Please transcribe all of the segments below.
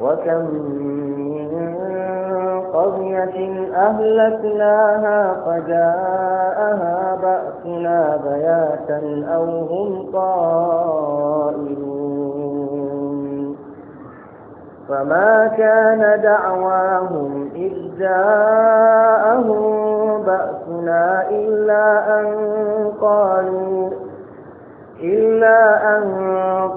وكم من قرية أهلكناها فجاءها بأسنا بياتا أو هم قائلون فما كان دعواهم إذ جاءهم بأسنا إلا أن قالوا إلا أن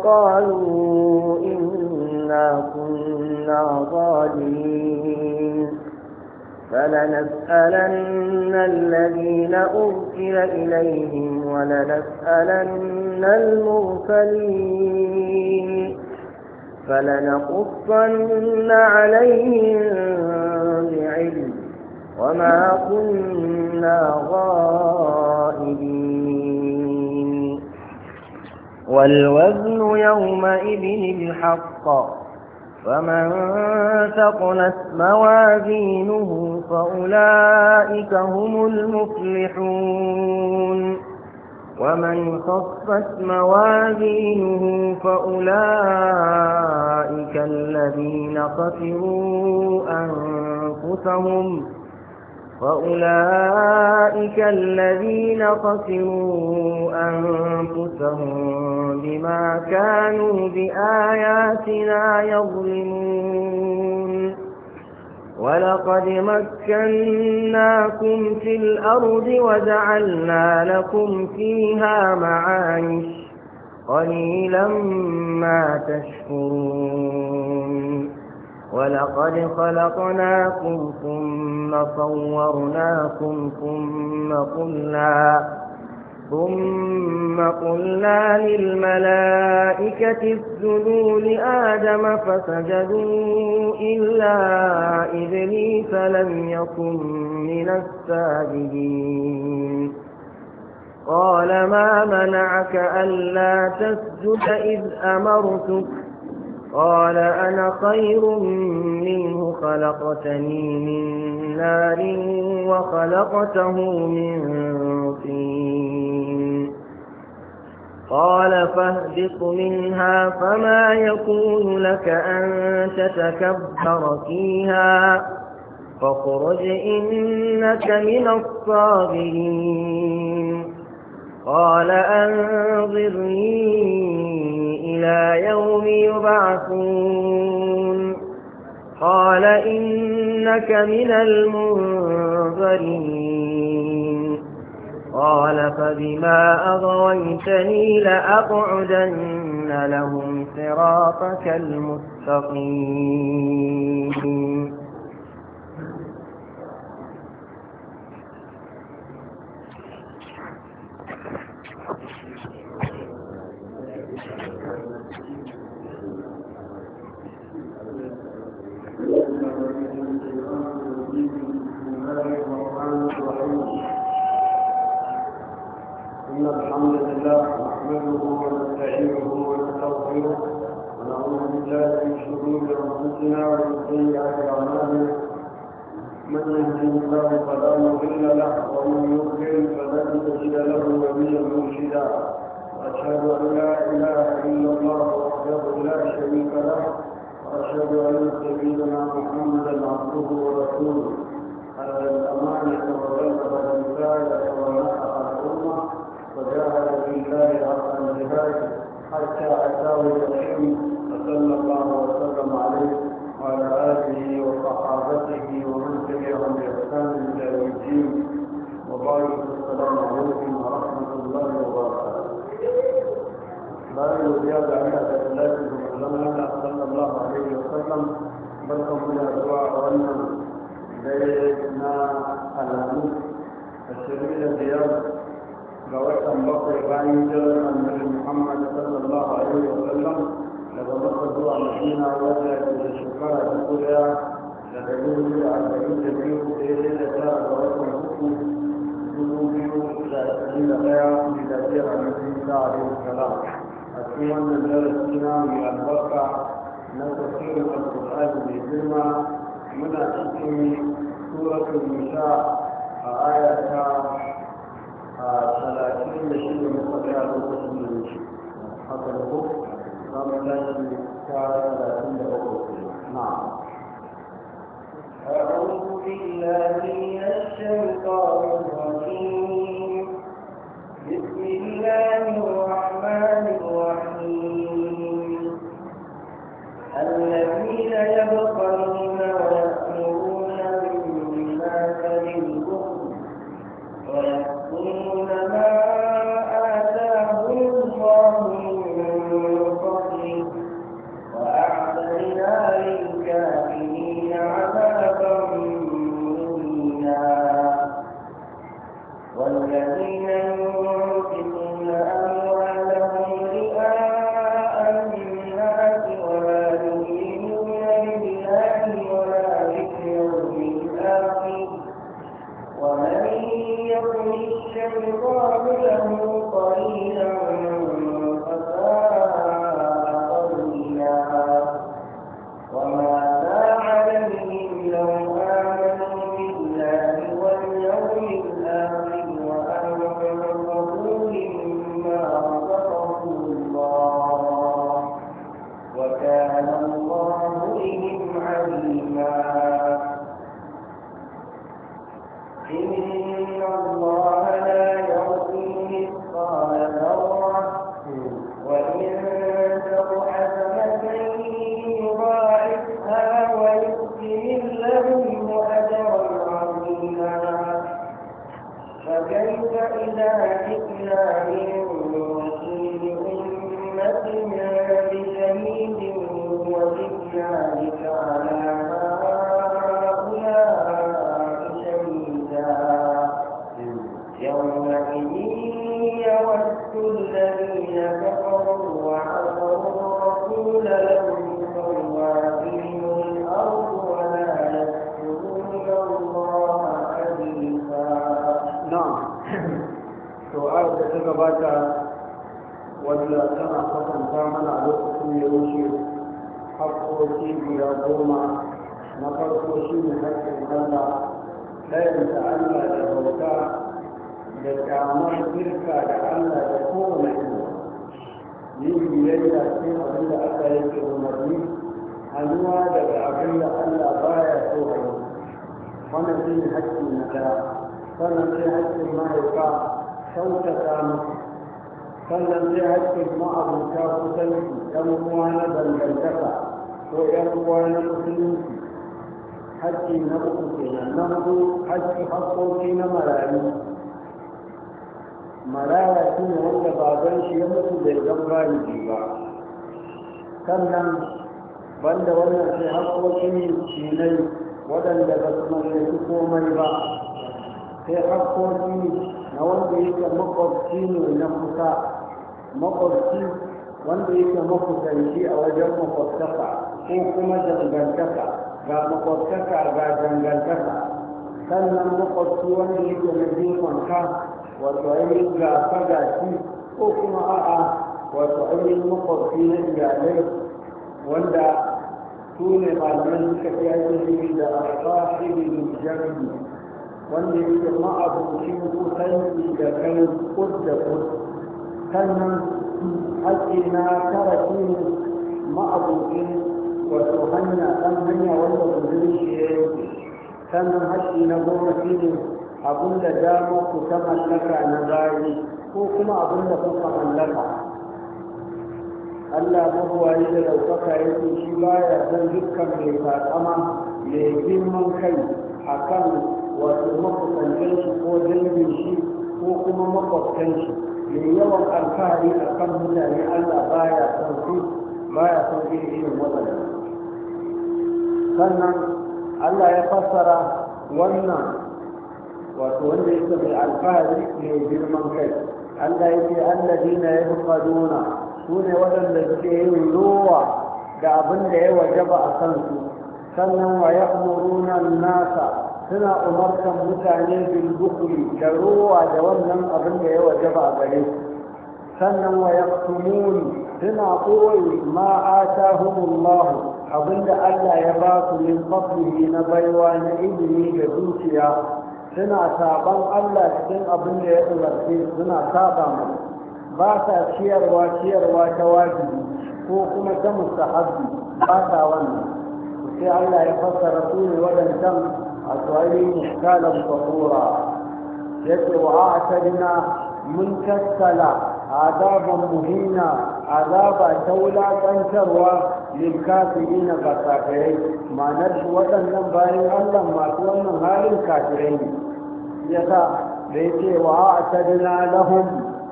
قالوا إنا كنا كنا ظالمين فلنسألن الذين أرسل إليهم ولنسألن المرسلين فلنقصن عليهم بعلم وما كنا غائبين والوزن يومئذ الحق فمن ثقلت موازينه فأولئك هم المفلحون ومن خفت موازينه فأولئك الذين خسروا أنفسهم فأولئك الذين خسروا أنفسهم بما كانوا بآياتنا يظلمون ولقد مكناكم في الأرض وجعلنا لكم فيها معايش قليلا ما تشكرون ولقد خلقناكم ثم صورناكم ثم قلنا ثم قلنا للملائكة اسجدوا لآدم فسجدوا إلا إبليس لم يكن من الساجدين قال ما منعك ألا تسجد إذ أمرتك قال أنا خير منه خلقتني من نار وخلقته من طين قال فاهبط منها فما يكون لك أن تتكبر فيها فاخرج إنك من الصابرين قال أنظرني إلى يوم يبعثون قال إنك من المنظرين قال فبما أغويتني لأقعدن لهم صراطك المستقيم الحمد لله نحمده ونستعينه ونستغفره ونعوذ بالله من شرور أنفسنا ومن سيئات أعمالنا من يهده الله فلا مضل له ومن يضلل فلن تجد له وليا مرشدا وأشهد أن لا إله إلا الله وحده لا شريك له وأشهد أن سيدنا محمدا عبده ورسوله على الأمانة والرزق والرسالة والنحر وجاهد في الله حق جهاده حتى اتاه اليقين فصلى الله وسلم عليه وعلى اله وصحابته ومن تبعهم باحسان الى يوم الدين وبارك السلام عليكم ورحمه الله وبركاته. بارك زياد على ثلاثه وسلم صلى الله عليه وسلم بركم من الدعاء والنبي بيتنا الهموس الشريف الزياده ga watan bakwai bayan jiran annabi muhammad sallallahu alaihi wa sallam daga makka zuwa madina wadda ke da shekara dubu daya da dari biyu da arba'in da biyu daidai da tara ga watan uku dubu biyu da ashirin da daya miladiyar annabi isa alaihi salam a cikin wannan darasi na mai albarka na tafsirin alƙur'ani mai girma muna cikin suratul nisa a ayata نعم أعوذ بالله من الشيطان الرجيم بسم الله الرحمن الرحيم الذين يبقون haramta mana a lokacin ya wuce hakkoki guda goma na farko shi ne hakkin Allah ɗayan da Allah da bauta da kyamar shirka da Allah da kowane ina yin biyayya ce abin da Allah yake umarni hannuwa daga abin da Allah baya so a yau wannan shi ne hakkin na ɗaya sannan sai hakkin mahaifa kyautata musu sannan sai haƙƙin ma'abuta kusanci ɗan kuma na dangantaka ko ɗan kuma na musulunci haƙƙi na uku kenan na hudu haƙƙi haƙƙoƙi na marayu maraya shi ne wanda ba zan shi ya mutu bai zan bariki ba sannan banda wannan sai shi ne waɗanda ba su su komai ba sai haƙƙoƙi na wanda yake makwabci ne na kusa makwabci wanda yake makusanci a wajen makwabtaka ko kuma dangantaka ga makwabtaka ga dangantaka sannan makwabci wanda yake na jefan ka wato ainihin ga fagaci ko kuma a'a wato ainihin makwabci na iyalai wanda su ne malaman suka fi ainihi da asahibin jami'i wanda yake ma'abucin kusanci da kai kud da kud sannan haƙƙi na tara shi ne wato hanya ɗan hanya wanda gudun shi ya yanke sannan haƙƙi na goma shi ne abin da ja ku ta mallaka na bayi ko kuma abin da kuka mallaka Allah mabuwayi da ɗaukaka ce shi ya san dukkan mai takama mai girman kai akan wato makusancin shi ko dangin shi ko kuma makwabtan shi mai yawan alfahari a kan mutane allah ba ya son su ba ya son irin irin sannan allah ya fassara wannan wato wanda yake mai alfahari mai girman kai allah ya ce allazina yahqaduna su ne waɗanda suke yin rowa da abin da ya wajaba a kansu sannan wa ya'muruna nasa suna umartan mutane bin bukuri da ruwa da wannan abin da ya wajaba ba gare sannan wa yaqtumun suna koyi ma atahumullahu abinda Allah ya ba su min fadlihi na baiwa na ilimi da zuciya. suna saban Allah cikin abin da ya umarce suna saba mai ba sa ciyarwa ciyarwa ta wajibi ko kuma ta mustahabbi ba sa wannan sai Allah ya fassara su ne waɗancan atwari mukala tahura yato a'tadna mun kassala adaban muhina azaba ta wulakantarwa lil kafirina ba kafirai ma'anar waɗannan bayan allah masu wannan halin kafirai ne yasa bai ce wa a'tadna lahum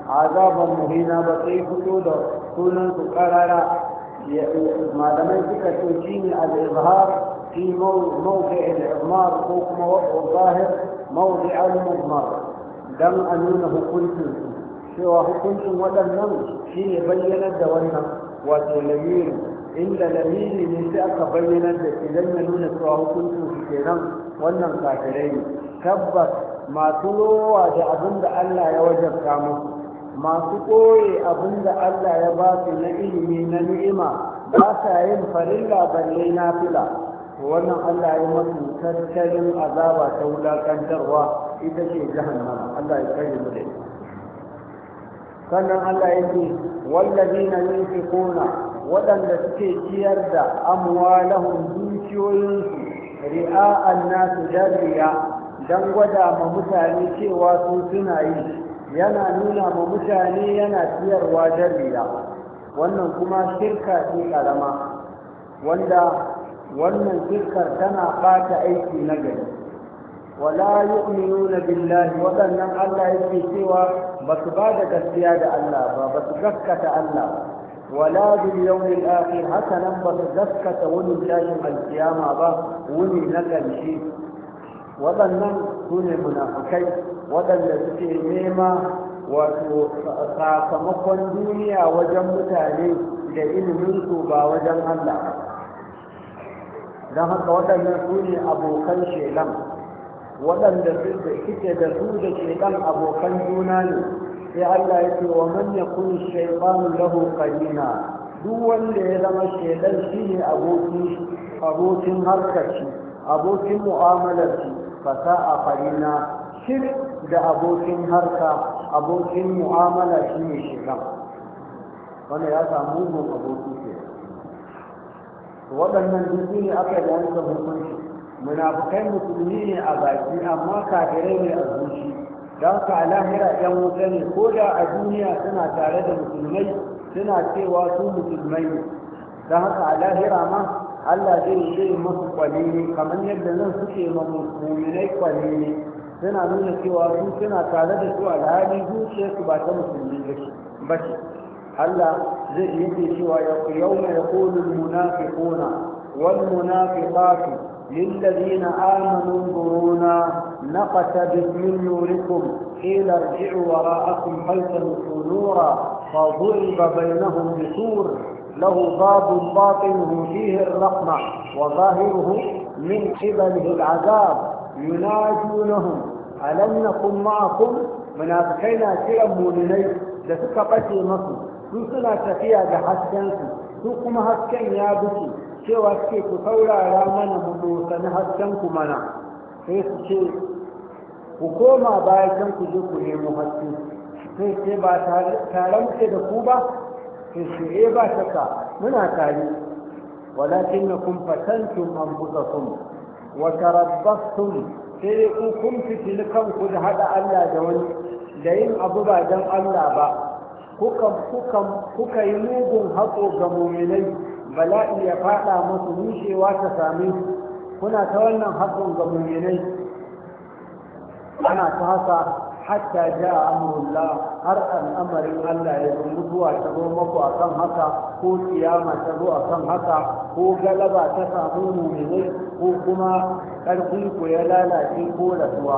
azaban muhina ba sai fito da sunan su karara ما لم يجد توجيه الإظهار في موقع الاضمار فوق الظاهر موضع المضمار دم أنونه كنت سوى كنت ودم نم في بين الدولة وتلمير إن لمير نساء بين الدولة لم نون سوى كنت في كلام ونم كافرين تبت ما تلوى جعبند أن لا كامل masu koye abin da Allah ya ba su na ilimi na ni'ima ba sa yin farilla balle na fila wannan Allah ya masu tattalin azaba ta wulakantarwa ita ce jahannama Allah ya kai mu da sannan Allah ya ce wallazina yunfiquna waɗanda suke ciyar da amwalahum dukiyoyinsu ri'a annasu jariya dan gwada ma mutane cewa su suna yi yana nuna ma mutane yana siyarwa jarida wannan kuma shirka ce karama wanda wannan shirkar tana bata aiki na gari wala yu'minuna billahi wadannan Allah yake cewa ba su ba da gaskiya da Allah ba ba su gaskata Allah wala bil yawmil akhir haka ba su gaskata wani tashin alkiyama ba wuni na ƙarshe waɗannan su ne munafukai waɗanda suke nema wato sakamakon duniya wajen mutane da iliminsu ba wajen Allah don haka waɗannan su ne abokan shelan waɗanda suke da su da shelan abokan juna ne sai Allah ya ce wa man kun shaytanu lahu qarina duk wanda ya zama shelan shine abokin abokin harkar shi abokin mu'amalar shi Fasa a farina shirk da abokin harka abokin mu'amala shi ne shekam wanda ya samu mugun aboki ke waɗannan jirgin ne aka yi yanka hukunci munafukai musulmi ne a baki amma kafirai ne a zuci don ka lahira yan wuta ne ko da a duniya suna tare da musulmai suna cewa su musulmai ne don haka a lahira ma Allah zai zai masu kwalili kamar yadda nan suke ma musulmai kwalili suna nuna cewa su suna tare da su alhali zuciyarsu ba ta musulmi ba ce Allah zai yake cewa yawma yaqulu al-munafiquna wal munafiqatu للذين آمنوا انظرونا نقتبس من نوركم قيل ارجعوا وراءكم حيث نورا فضرب بينهم بسور له باب باطنه فيه الرحمة وظاهره من قبله العذاب يناجونهم ألم نكن معكم منافقين كلا مؤمنين da suka ɓace masu su suna tafiya da haskensu su kuma hasken ya buke cewa suke ku saurara mana mu dosani haskenku mana sai su ce ku koma bayan ku je ku sai ba tare da ku ba sai eh ba shakka muna tare walakinnakum fatantum anfusakum wa tarabbastum sai ku kun fitili kanku da haɗa Allah da wani da yin abu ba dan Allah ba kuka kuka kuka yi mugun haƙo ga muminai bala'i ya faɗa musu nishewa ta same kuna ta wannan haƙon ga muminai ana ta haka hatta ja'a amrullah har al'amarin Allah ya zo mutuwa ta zo maku a kan haka ko kiyama ta zo a kan haka ko galaba ta samu muminai ko kuma ƙarfin ku ya lalace ko rasuwa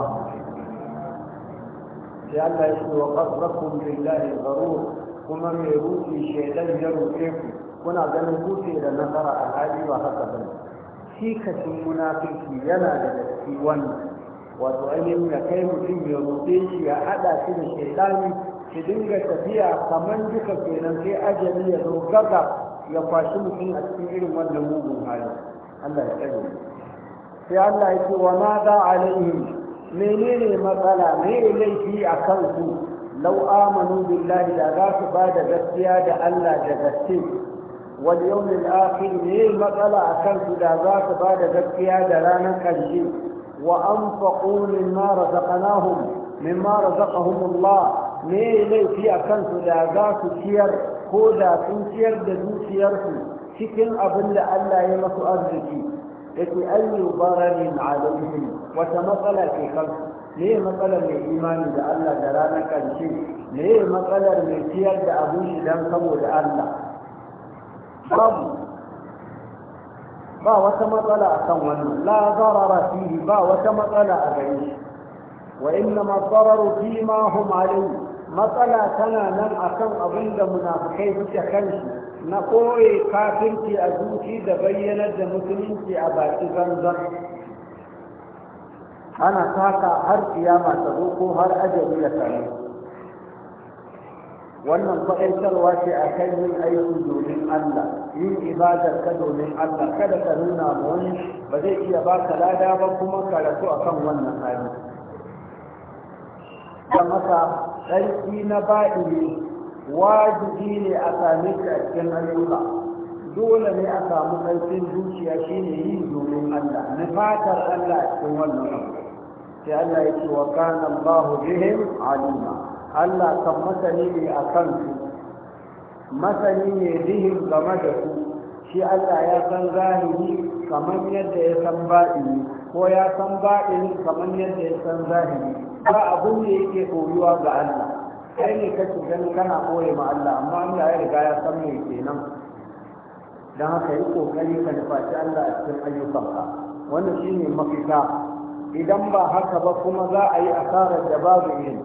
sai Allah ya ce wa qasrakum billahi gharur kuma mai rufe shaidan ya rufe ku kuna ganin kuce da nasara a hali ba haka bane shi kashin munafiki yana da gaske wannan wato ainihin da kai mutum ya roƙe shi ya haɗa shi da shaidani ki dinga tafiya kamar duka kenan sai ajali ya zo gaga ya kwashi mutum a cikin irin wannan mugun hali Allah ya tsare sai Allah ya ce wa ma za alaihim menene matsala me laifi a kansu lau amanu billahi da za su ba da gaskiya da Allah da gaske wal yawmil akhir ne matsala a kansu da za su ba da gaskiya da ranar karshe wa anfaqu mimma razaqnahum mimma razaqahum Allah me laifi a kansu da za su ciyar ko da sun ciyar da zuciyarsu cikin abin da Allah ya masu arziki da yake ayyu bararin alaihim wata matsala ke kansu me matsalar mai imani da Allah da ranar karshe me matsalar mai ciyar da abin shi dan saboda Allah babu ba wata matsala akan wannan la zarara fihi ba wata matsala a gare shi وإنما الضرر فيما هم عليه matsala tana nan akan abin da munafukai suke kansu na koya kafirci a zuci da bayyanar da musulunci a baki zanzan ana taka har kiyama ta ko har ajali ya wannan faɗaitarwa ce a kan yin aiki domin Allah yin ibadar ka domin Allah kada ka nuna wani ba zai iya baka lada ba kuma karatu akan wannan hali da masa tsarki na ba'iri wajibi ne a sami shi a cikin ayyuka dole ne a samu ƙarfin zuciya shine yin domin Allah na fatar Allah a cikin wannan abu sai Allah ya ce wa kana Allahu bihim alima Allah kan masani ne a kan su masani ne bihim game da su shi Allah ya san zahiri kamar yadda ya san ne ko ya san ne kamar yadda ya san zahiri ba abun da yake koyuwa ga Allah kai ne kake ganin kana koye ma Allah amma Allah ya riga ya san me kenan dan haka yi kokari ka nufaci Allah a cikin ayyukanka wannan shine mafita idan ba haka ba kuma za a yi asarar da babu yin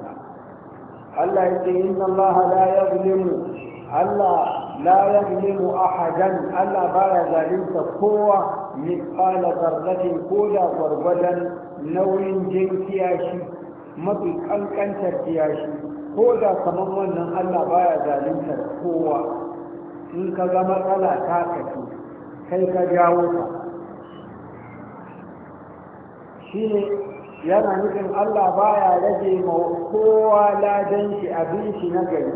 Allah ya ce inna Allah la yazlimu Allah la yazlimu ahadan Allah baya zalunta kowa mithqala dharratin ko da gwargwadon nauyin jinkiya shi mafi kankantar kiyashi ko da kamar wannan Allah baya zaluntar kowa in ka ga matsala ta kafi kai ka jawo ta ne yana nufin Allah baya rage ma kowa ladan shi abin shi na gari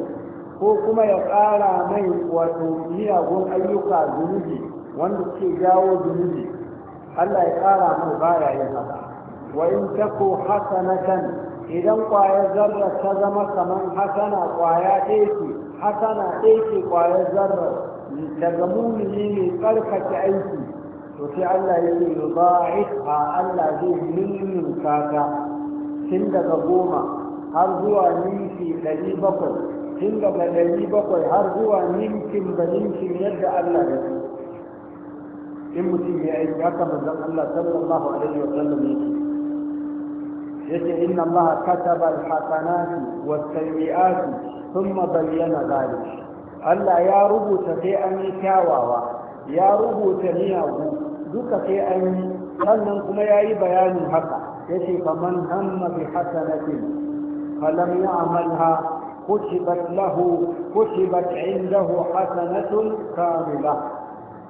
ko kuma ya ƙara mai wato miyagun ayyuka zunubi wanda suke jawo zunubi Allah ya ƙara mai baya yin haka وإن تكو حسنة إذا قاية ذرة تزم كمن حسنة قاية إيتي حسنة إيتي قاية ذرة تزمون لي قرفة أيتي وفي الله يلي يضاعفها الله ذي من كاكا سند قبومة أرجو أن يمشي قريبكم tun daga ɗari bakwai har zuwa ninkin da ninkin yadda Allah ya ce in mutum ya aiki haka manzon Allah sallallahu alaihi wa sallam yake yace inna allaha kataba alhasanati wasayyi'ati thumma bayyana dhalik Allah ya rubuta sai an yi kyawawa ya rubuta miyagu duka sai an yi sannan kuma ya yi bayanin haka yace kamar hamma bi hasanatin falam ha كتبت له كتبت عنده حسنة كاملة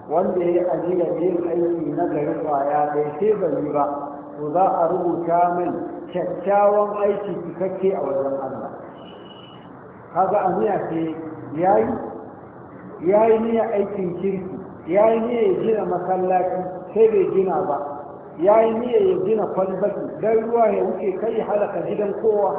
wanda ya ajiyar yin aiki na gari kwaya bai ce bari ba to za a rubuta min kyakkyawan aiki cikakke a wajen Allah kaga aniya ce yayi yayi niyya aikin kirki yayi niyya ya gina masallaci sai bai gina ba yayi niyya ya gina kwalbaki dan ruwa ya wuce kai halaka gidan kowa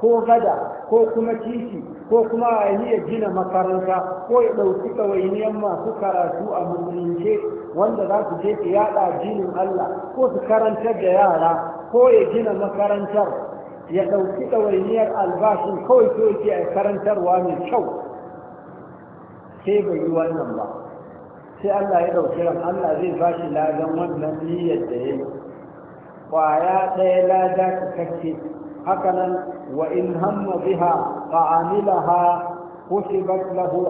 ko gada ko kuma titi ko kuma a niyya gina makaranta ko ya ɗauki ɗawainiyar masu karatu a musulunce wanda za su je su yaɗa jinin Allah ko su karantar da yara ko ya gina makarantar ya ɗauki ɗawainiyar albashin kawai so yake a karantarwa mai kyau sai bai yi wannan ba sai Allah ya ɗauki ran Allah zai ba shi ladan wannan niyyar da ya yi ƙwaya ɗaya lada ka kake haka nan wa in hamma biha fa amilaha kutibat lahu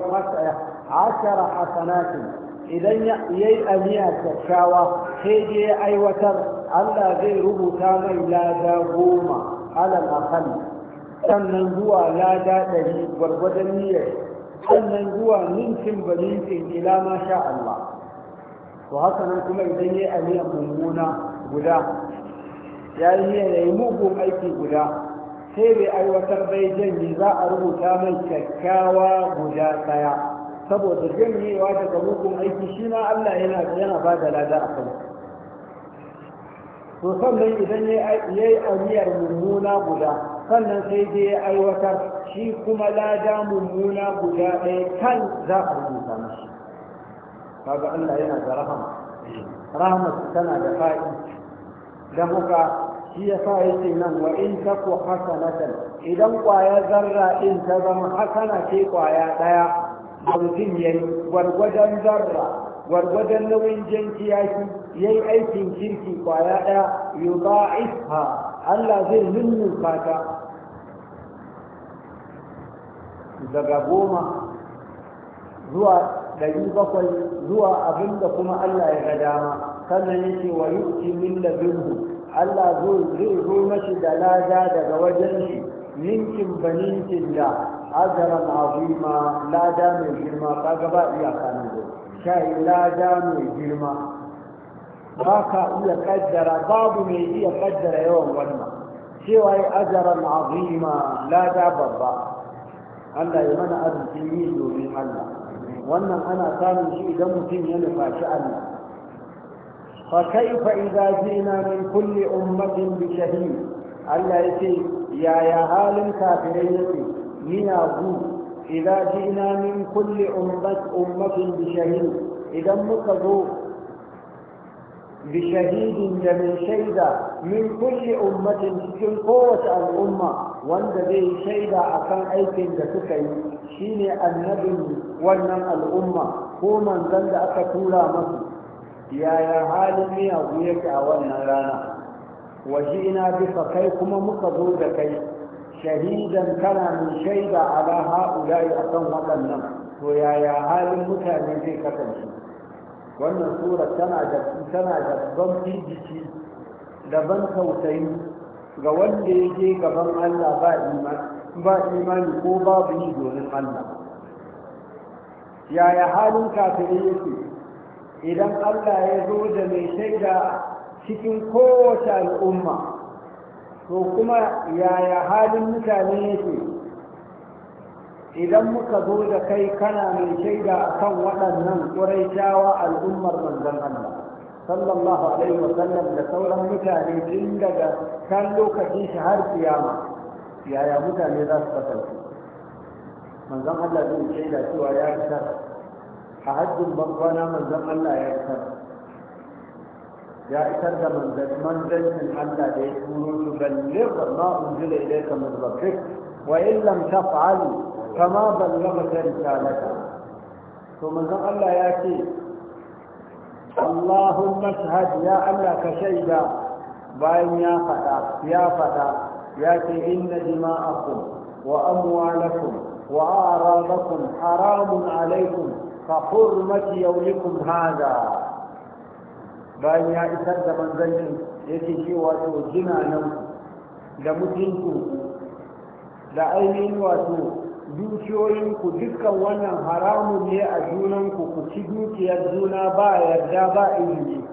hasara hasanatin idan ya yi aniya kyakkyawa sai dai ya aiwatar Allah zai rubuta mai lada goma alal akal sannan zuwa lada ɗari gwargwadon niyyar sannan zuwa ninkin balinkin ila ma sha Allah to haka nan kuma idan ya yi aniyar mummuna guda ya yi niyyar ya yi mugun aiki guda sai bai aiwatar bai janyi za a rubuta mai kyakkyawa guda ɗaya saboda janyewa daga mugun aiki shi ma Allah yana yana ba da lada a kan to sannan idan ya yi aniyar mummuna guda sannan sai dai ya aiwatar shi kuma lada mummuna guda ɗaya kan za a rubuta mashi kaga Allah yana da rahama rahama tana da fa'i dan haka shi ya sa yake nan wa in taku hasanatan idan kwaya zarra in ta zama hasana ce kwaya ɗaya mutum ya yi gwargwadon zarra gwargwadon nauyin jan kiyaki ya yi aikin kirki kwaya ɗaya iska. Allah zai nunnu ta daga goma zuwa ɗari bakwai zuwa abin da kuma Allah ya ga dama sannan ce wa yi min bindu, Allah zai zo mashi da lada daga wajen shi ninkin ninkin da ajaran azima lada mai girma ba iyaka nan da shayi lada mai girma ba ka iya kaddara babu mai iya kaddara yawan wannan cewa yi ajaran azima lada babba Allah ya mana arziki yi domin Allah wannan ana samun shi idan mutum ya nufaci Allah fa kaifa idza jina min kulli ummatin bi shahid Allah yace yaya halin kafirai yake نيابو إذا جئنا من كل أمة أمة بشهيد إذا مكذو بشهيد جميل شيدا من كل أمة تكون قوة الأمة وانت به شيدا أكان أيك انت تكي شيني النبي ونن الأمة هو من ذنب أكتولا مصر يا يا عالمي أبيك أولنا رانا وجئنا بفكيكم مكذو بكيك shahidan kana mai shaida ala a kan waɗannan to yaya halin mutane zai kasance wannan sura tana da tana da ban firgici da ban tausayi ga wanda ya je gaban Allah ba imani ba imani ko babu yi domin Allah yaya halin kafirai yake idan Allah ya zo da mai shaida cikin kowace al'umma to kuma yaya halin mutane yake idan muka zo da kai kana mai shaida a kan waɗannan ƙuraishawa al'ummar manzon Allah sallallahu alaihi wa sallam da sauran mutane tun daga kan lokacin shi har kiyama yaya mutane za su kasance manzon Allah zai shaida cewa ya fitar a hajjin babbana manzon Allah ya fitar ya isar da manzancin Allah da ya turo su balligh ma unzila ilayka min rabbik wa in lam taf'al kama ballaghta risalata to manzon Allah ya ce Allahumma shahad ya Allah ka shaida bayan ya fada ya fada ya ce inna dima'akum wa amwalakum wa a'radakum haramun alaikum ka hurmati yawmikum hadha bayan ya isar da manzannin ce shi wato, jina nan da mutuncin da ainihin wato dukiyoyinku dukkan wannan haramun ne a junanku ku ci dukiyar juna ba yarda ba ilimi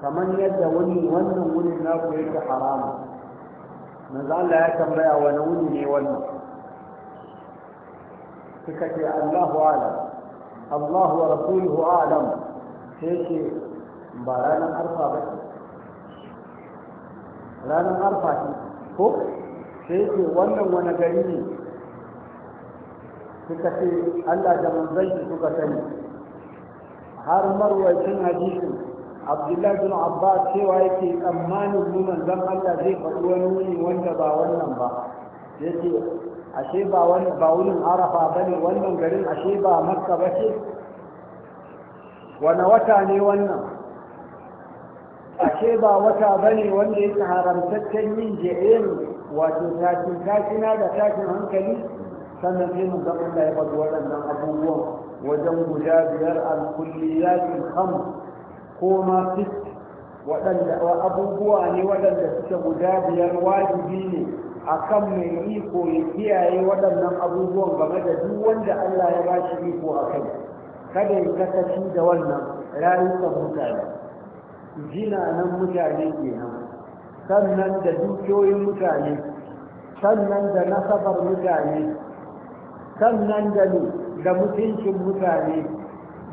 kamar yadda wani wannan wurin naku yake haramu manzo Allah ya tambaya wani wuni ne wannan suka ce Allahu a'lam Allahu wa rasuluhu a'lam sai ce ba ranar arfa ba ranar arfa ce ko sai ce wannan wani gari ne suka ce allah da manzan shi suka sani har marwacin hadisin abdullahi bin abbas cewa yake tsammanin mu manzan allah zai faɗi wani wuni wanda ba wannan ba ce ashe ba wani ba arafa ba ne wannan garin ashe ba makka ba ce wani wata ne wannan ake ba wata bane wanda yake haramtaccen yin je'in wato tashin kashina da tashin hankali sannan sai mun ga Allah ya bada waɗannan abubuwan wajen guda biyar al-kulliyatil khams ko ma fit waɗanda abubuwa ne waɗanda suke guda biyar wajibi ne akan mai iko ya kiyaye waɗannan abubuwan game da duk wanda Allah ya ba shi iko a kai kada ya kasashi da wannan rayuwar mutane nan mutane ke nan sannan da dukiyoyin mutane sannan da nasabar mutane sannan da da mutuncin mutane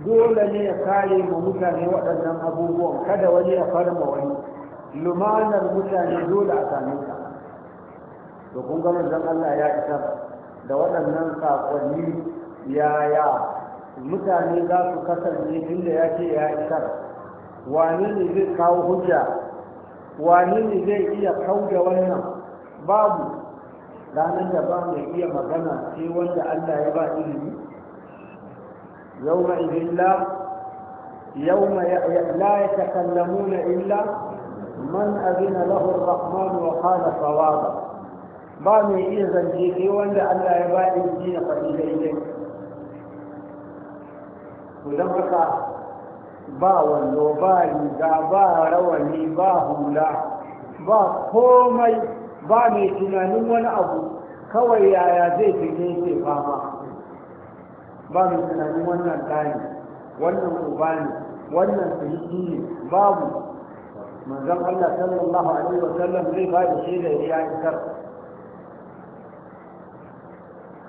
dole ne ya kare ma mutane waɗannan abubuwan kada wani ya farma wani lumanar mutane dole a same ka to kun ga manzon Allah ya isa da waɗannan sakonni yaya mutane za su kasance inda ya ya isar wani ne zai kawo hujja wani ne zai iya kauda wannan babu ranar da ba mai iya magana sai wanda Allah ya ba ilimi yawma illa la yawma la yatakallamuna illa man azina lahu ar-rahman wa qala sawaba ba mai iya zance sai wanda Allah ya ba ilimi na fadi daidai to dan haka ba wallo ba riga ba rawani ba hula ba komai ba mai tunanin wani abu kawai yaya zai fige ke fama ba mai tunanin wannan ɗani wannan uba ne wannan sulki ne babu manzon Allah sallallahu alaihi wa sallam zai ba da shaidar ya isar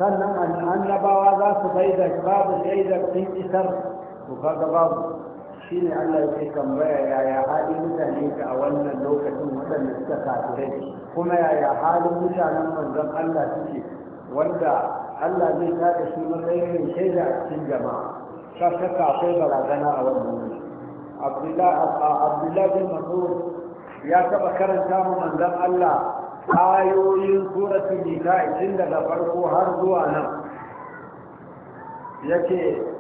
sannan annabawa za su bai da babu shaidar sun isar to kaga babu shi ne Allah yake tambaya yaya halin mutane ka a wannan lokacin waɗanda suka kafire? kuma yaya halin mutanen manzon Allah suke wanda Allah zai da shi matsayin shaida a cikin jama'a ta shakka akwai barazana a wannan Abdullah bin Mas'ud ya taba karanta mu manzon Allah ayoyin suratul nisa tun daga farko har zuwa nan yake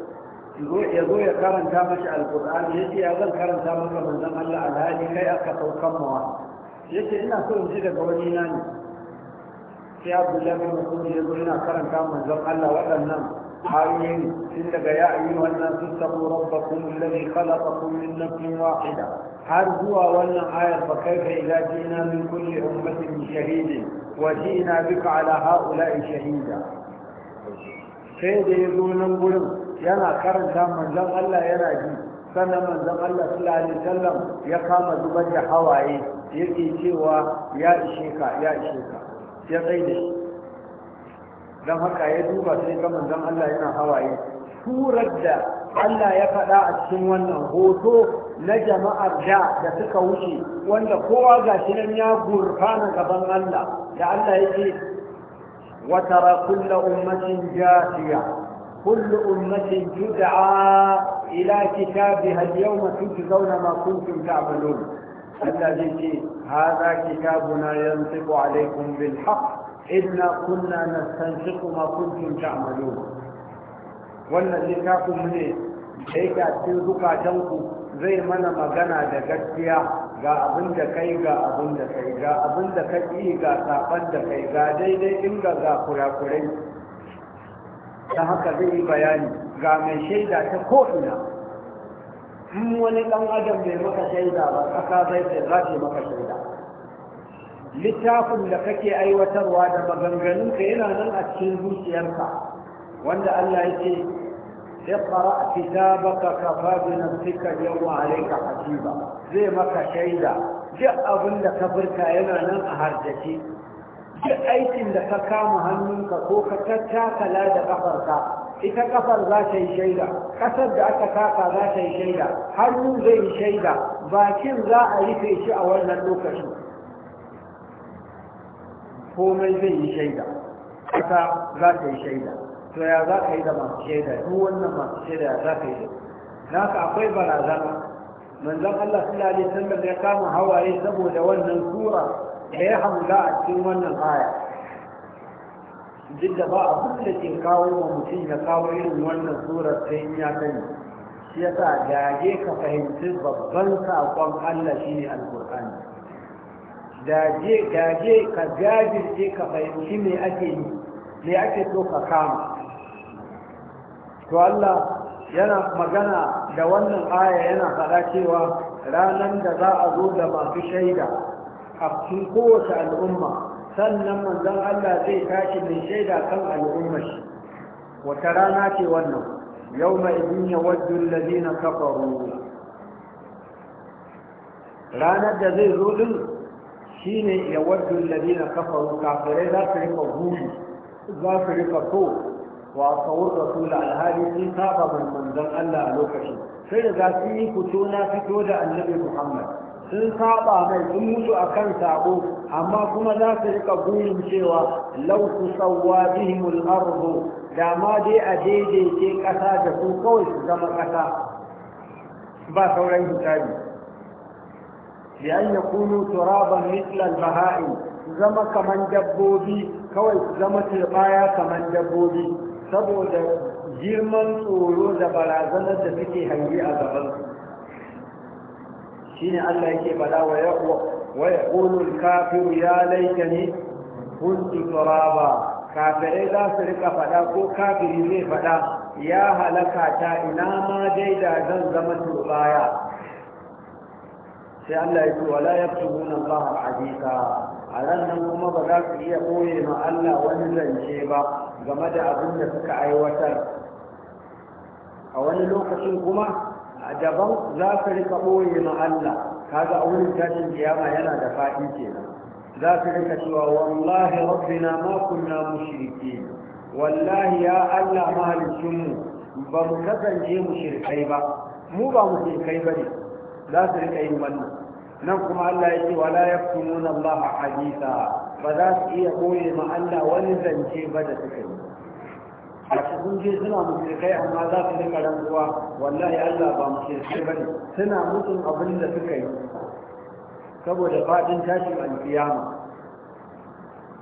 ya zo ya karanta mashi alkur'ani ya ce ya zan karanta maka manzon Allah alhali kai aka saukan mawa ya ce ina so in ji daga wani na ne sai abdullahi bin masud ya zo yana karanta manzon Allah waɗannan ayoyin tun daga ya ayi wannan sun samu rabbakum alladhi khalaqakum min nafsin wahida har zuwa wannan ayar fa kaifa idza jina min kulli ummatin shahidin wa jina bika ala ha'ula'i shahida sai da ya zo nan gurin yana karanta manzon Allah yana ji sannan manzon Allah sallallahu alaihi wasallam ya kama zubar da hawaye yake cewa ya ishe ka ya ishe ka ya tsaye da shi haka ya duba sai ga manzon Allah yana hawaye surar da Allah ya faɗa a cikin wannan hoto na jama'ar da da suka wuce wanda kowa ga shi nan ya gurfana gaban Allah da Allah yake wata kulla ummatin jasiya كل أمة تدعى إلى كتابها اليوم تجزون ما كنتم تعملون الذي هذا كتابنا ينطق عليكم بالحق إنا كنا نستنشق ما كنتم تعملون والذي كاكم منه هيك تلقى جنكم زي mana magana da gaskiya ga abin da kai ga abin da kai ga abin da kai ga saban da kai ga daidai inga ga kurakurai ta haka zai yi bayani ga mai shaida ta ko'ina in wani ɗan adam bai maka shaida ba ƙasa zai sai za maka shaida littafin da kake aiwatarwa da maganganunka yana nan a cikin zuciyarka wanda Allah ya ce kafa كتابك كفى بنفسك اليوم عليك حسيبا Zai maka shaida. duk abin da ka furta yana nan a harjace duk aikin da ka kama hannunka ko ka tattakala da ƙafarka. ita ƙafar za ta yi shaida ƙasar da aka kaka za ta yi shaida hannun zai yi shaida bakin za a rufe shi a wannan lokaci komai zai yi shaida ƙasa za ta yi shaida to ya za ka yi da masu shaida duk wannan masu shaida ya za ka yi da ka akwai barazana manzon Allah sallallahu alaihi wasallam ya kama hawaye saboda wannan sura da ya hanga a cikin wannan aya duk da ba abin da ke kawo wa mutum ya kawo irin wannan surar ta yin ya sani shi yasa dage ka fahimci babban saƙon Allah shi alƙur'ani dage dage ka jajirce ka fahimci me ake yi me ake so ka kama to Allah yana magana da wannan aya yana faɗa cewa ranar da za a zo da masu shaida a cikin kowace al'umma sannan manzon Allah zai tashi mai shaida kan al'ummar shi wata rana ce wannan Yau mai wajen idin yawaddu kafa kafaru ranar da zai zo din shi ne ya wajen shine yawaddu kafa kafaru kafirai za su rika gudu za su rika so wa sawur rasul alhali sun saba manzon Allah a lokacin sai da za su yi fito na fito da annabi Muhammad sun saba mai sun mutu a kan sabo amma kuma za su rika gurin cewa lauku sauwa jihimul arzo da ma dai a ke ƙasa da su kawai su zama ƙasa ba sauran hisabi bi an yakunu turaban mitla Baha'i bahai zama kaman dabbobi kawai su zama turbaya kaman dabbobi saboda girman tsoro da barazanar da suke hangi a gabansu shine Allah yake fada wa yaqwa wa yaqulu al-kafiru ya laitani kuntu turaba kafirai za su rika fada ko kafiri zai fada ya halaka ta ina ma dai da zan zama turbaya sai Allah ya ce wala yaktubuna Allah hadisa a ranar nan kuma ba za su iya boye ma Allah wani zance ba game da abin da suka aiwatar a wani lokacin kuma daban za ka rika ɓoye ma Allah kaga a wurin tashin kiyama yana da faɗi kenan za ka rika cewa wallahi rabbina ma kunna mushriki wallahi ya Allah mahalicinmu ba mu kasance mushrikai ba mu ba mu mushrikai ba ne za su rika yin wannan nan kuma Allah ya ce wala yaktumuna Allah hadisa ba za su iya ɓoye ma Allah wani zance ba da suka yi a cikin jin suna musulkai amma za su rika rantsuwa wallahi Allah ba musulkai bane suna mutum abin da suka yi saboda fadin tashin alkiyama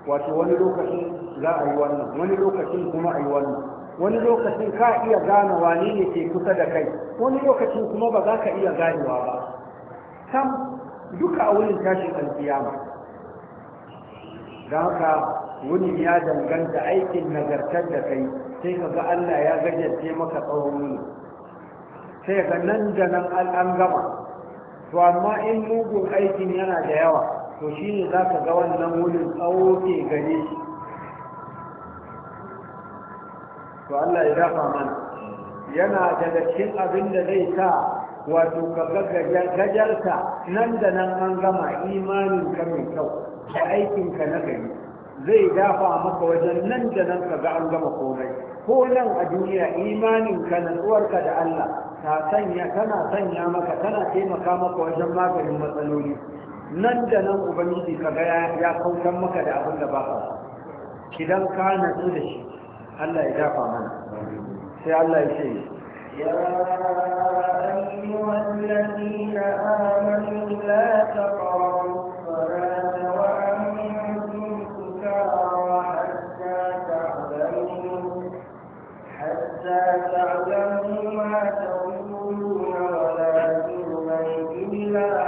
wato wani lokacin za a yi wannan wani lokacin kuma a yi wannan wani lokacin ka iya gane wane ne ke kusa da kai wani lokacin kuma ba za ka iya ganewa ba sam duka a wurin tashin alkiyama don haka wurin ya danganta aikin nagartar da kai sai ka ga Allah ya gajarce maka tsawon wuni sai ga nan da nan an gama to amma in mugun aikin yana da yawa to shi ne za ka ga wannan wunin tsawo ke gare shi to Allah ya dafa mana yana da cikin abin da zai sa wato ka gajarta nan da nan an gama imanin ka mai kyau da aikinka na gari zai dafa maka wajen nan da nan ka ga an gama komai ko nan a duniya imanin ka natsuwarka da Allah ta sanya tana sanya maka tana taimaka maka wajen maganin matsaloli nan da nan ubangiji ka ga ya kautan maka da abin da ba ka idan ka natsu da shi Allah ya dafa mana sai Allah ya ce يا أيها الذين آمنوا لا تقربوا حتى تعلموا ما تقولون ولا تؤمن إلا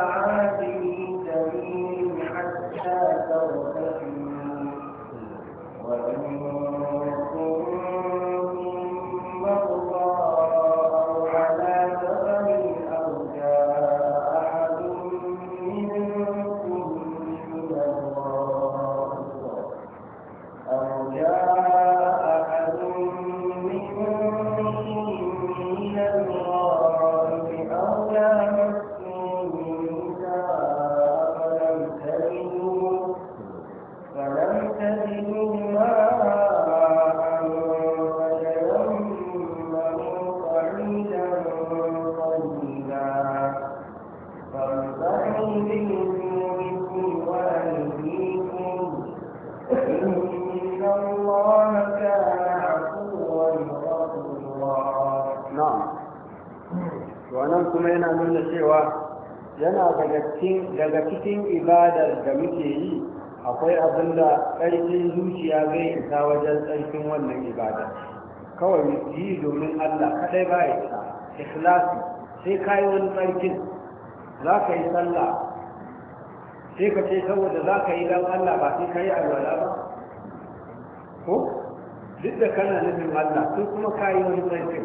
daga cikin ibadar da muke yi akwai abin da ƙarfin zuciya zai isa wajen tsarkin wannan ibada kawai yi domin allah kaɗai ba ya isa ikhlasi sai kayi wani tsarkin za ka yi sallah sai ka ce saboda za ka yi don allah ba sai ka yi alwala ba ko duk da kana nufin allah sun kuma kayi wani tsarkin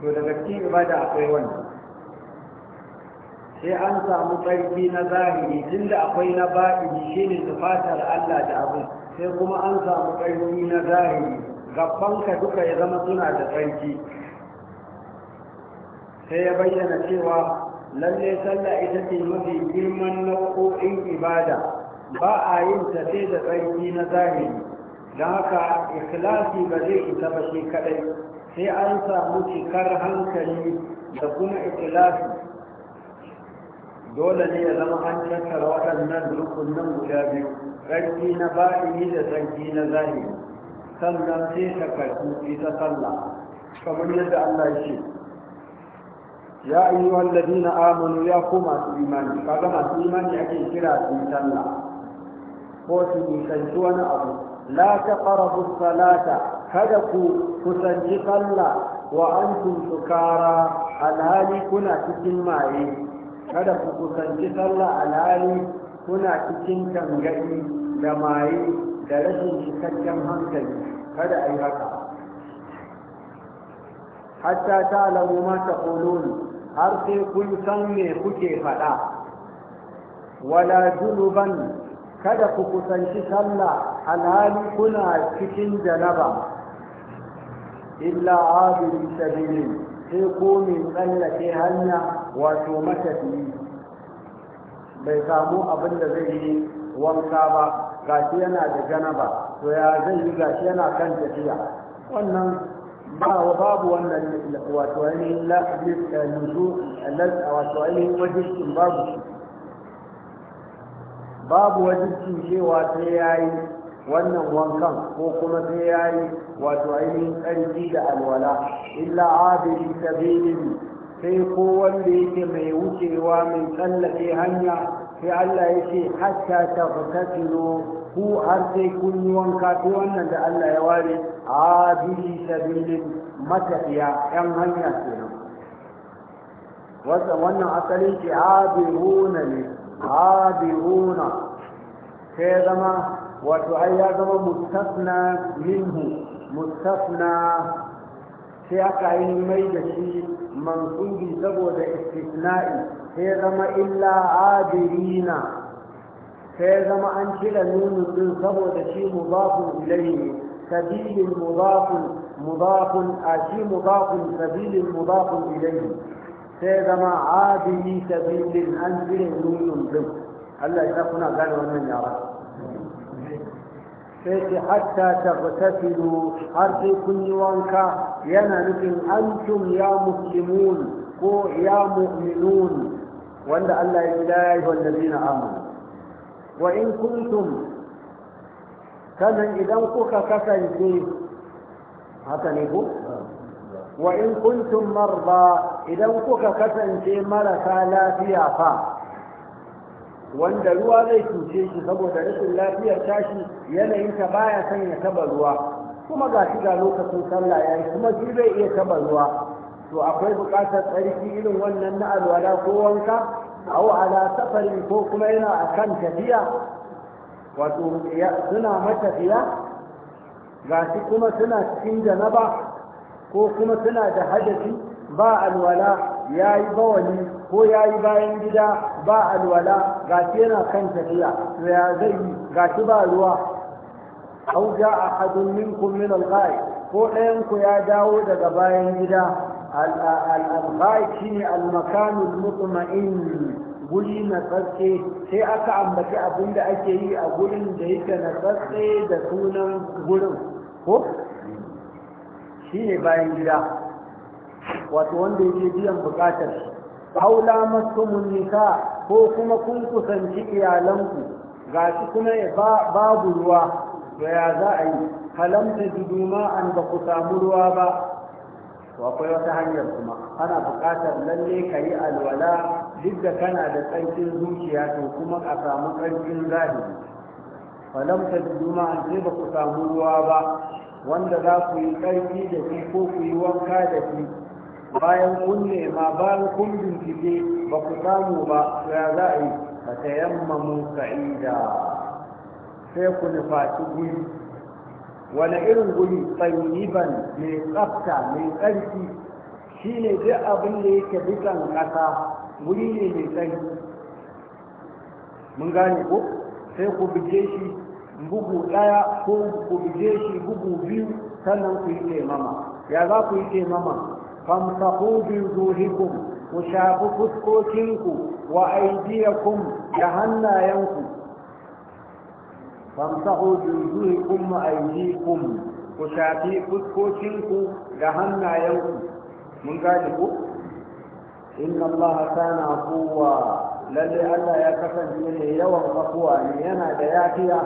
to daga cikin ibada akwai wannan sai an samu tsarki na zahiri tunda akwai na baɗini shine tufatar Allah da abin sai kuma an samu ƙarfi na zahiri ka duka ya zama suna da tsarki sai ya bayyana cewa lalle sallah ita ce mafi girman nau'o'in ibada ba a yin ta sai da tsarki na zahiri Da haka ikhlasi ba zai isa ba shi kadai sai an samu cikar hankali da kuma ikilasi. dole ne ya zama an tattara waɗannan rukunin guda biyu tsarki na baɗini da tsarki na zahiri sannan sai ta karfi ta sallah kamar yadda Allah ya ce ya ayyuhal ladina amanu ya ku masu imani kaga masu imani ake kira su sallah ko su nisanci wani abu la taqrabu salata kada ku kusanci sallah wa antum sukara alhali kuna cikin maye kada ku kusanci sallah alhali kuna cikin gangani da maye da rashin cikakken hankali kada a yi haka hatta ta alamu mata koloni har sai kun san me kuke faɗa wala junuban kada ku kusanci sallah alhali kuna cikin janaba illa abin sabilin sai ko mai tsallake hanya wato matafiyi bai samu abin da zai yi wanka ba gashi yana da janaba to ya zai yi gashi yana kan tafiya wannan ba babu wannan wato ainihin nusu wato ainihin wajibcin babu babu wajibcin cewa sai ya yi wannan wankan ko kuma sai ya yi wato ainihin ƙarfi da alwala illa abiri sabilin sai ko wanda yake mai wucewa mai tsallake hanya sai Allah ya ce hatta ta fatasilo ku har sai kun yi wanka ko wannan da Allah ya ware abiri sabilin matafiya 'yan hanya kenan wannan asalin ce abiruna ne abiruna sai zama wato ai ya zama mustafna minhu mustafna sai aka yi mai da shi mansubi saboda istisna'i sai zama illa abirina sai zama an cire nunin din saboda shi mudafun ilayhi sabilin mudafun mudafun a shi mudafun sabilin mudafun ilayhi sai zama abiri sabilin an cire nunin din Allah ya kuna gane wannan yaran sai ce hatta taghtasilu har sai kun yi wanka yana nufin antum ya muslimun ko ya mu'minun wanda Allah ya kira ya yi wallazina amanu wa in kuntum kanan idan kuka kasance haka ne ku wa in kuntum marda idan kuka kasance marasa lafiya fa wanda ruwa zai cuce shi saboda rashin lafiyar tashi yanayinta baya son ya taba ruwa kuma ga shi ga lokacin sallah yayi kuma shi bai iya taba ruwa to akwai buƙatar tsarki irin wannan na alwala ko wanka au ala safarin ko kuma yana akan tafiya wato suna matafiya ga shi kuma suna cikin janaba ko kuma suna da hadasi ba alwala ya yi bawani ko ya yi bayan gida ba alwala ga shi yana kan tafiya to ya zai yi ga shi ba ruwa au ja a hadun minkum min al-ghaib ko ɗayan ku ya dawo daga bayan gida al-alghai shine al-makanul mutma'in guri na tsatse sai aka ambaci abin da ake yi a gurin da yake na tsatse da sunan gurin ko shi bayan gida wato wanda yake biyan bukatar shi haula masumun nisa ko kuma kun kusanci iyalanku gashi kuma babu ruwa to ya za a yi kalamta juduma an ba ku samu ruwa ba akwai wata hanyar kuma ana bukatar lalle ka yi alwala duk da kana da tsarkin zuciya to kuma a samu tsarkin zahiri falam ta juduma an sai ba ku samu ruwa ba wanda za ku yi tsarki da shi ko ku yi wanka da shi bayan kun nema bayan kun bincike ba ku samu ba ya za a yi ka tayammamu sa'ida sai ku nufaci guri wani irin guri tsayiban mai tsafta mai tsarki shi ne duk abin da yake bisan ƙasa guri ne mai tsayi mun gane ko sai ku bige shi bugu ɗaya ko ku bige shi bugu biyu sannan ku yi taimama ya za ku yi taimama famsahu bi zuhikum ku shafi fuskokinku wa aidiyakum da hannayenku famsahu bi zuhikum wa aidiyakum ku shafi fuskokinku da hannayenku mun gane ku inna allaha kana quwwa lalle Allah ya kasance ne yawan kafuwa ne yana da yafiya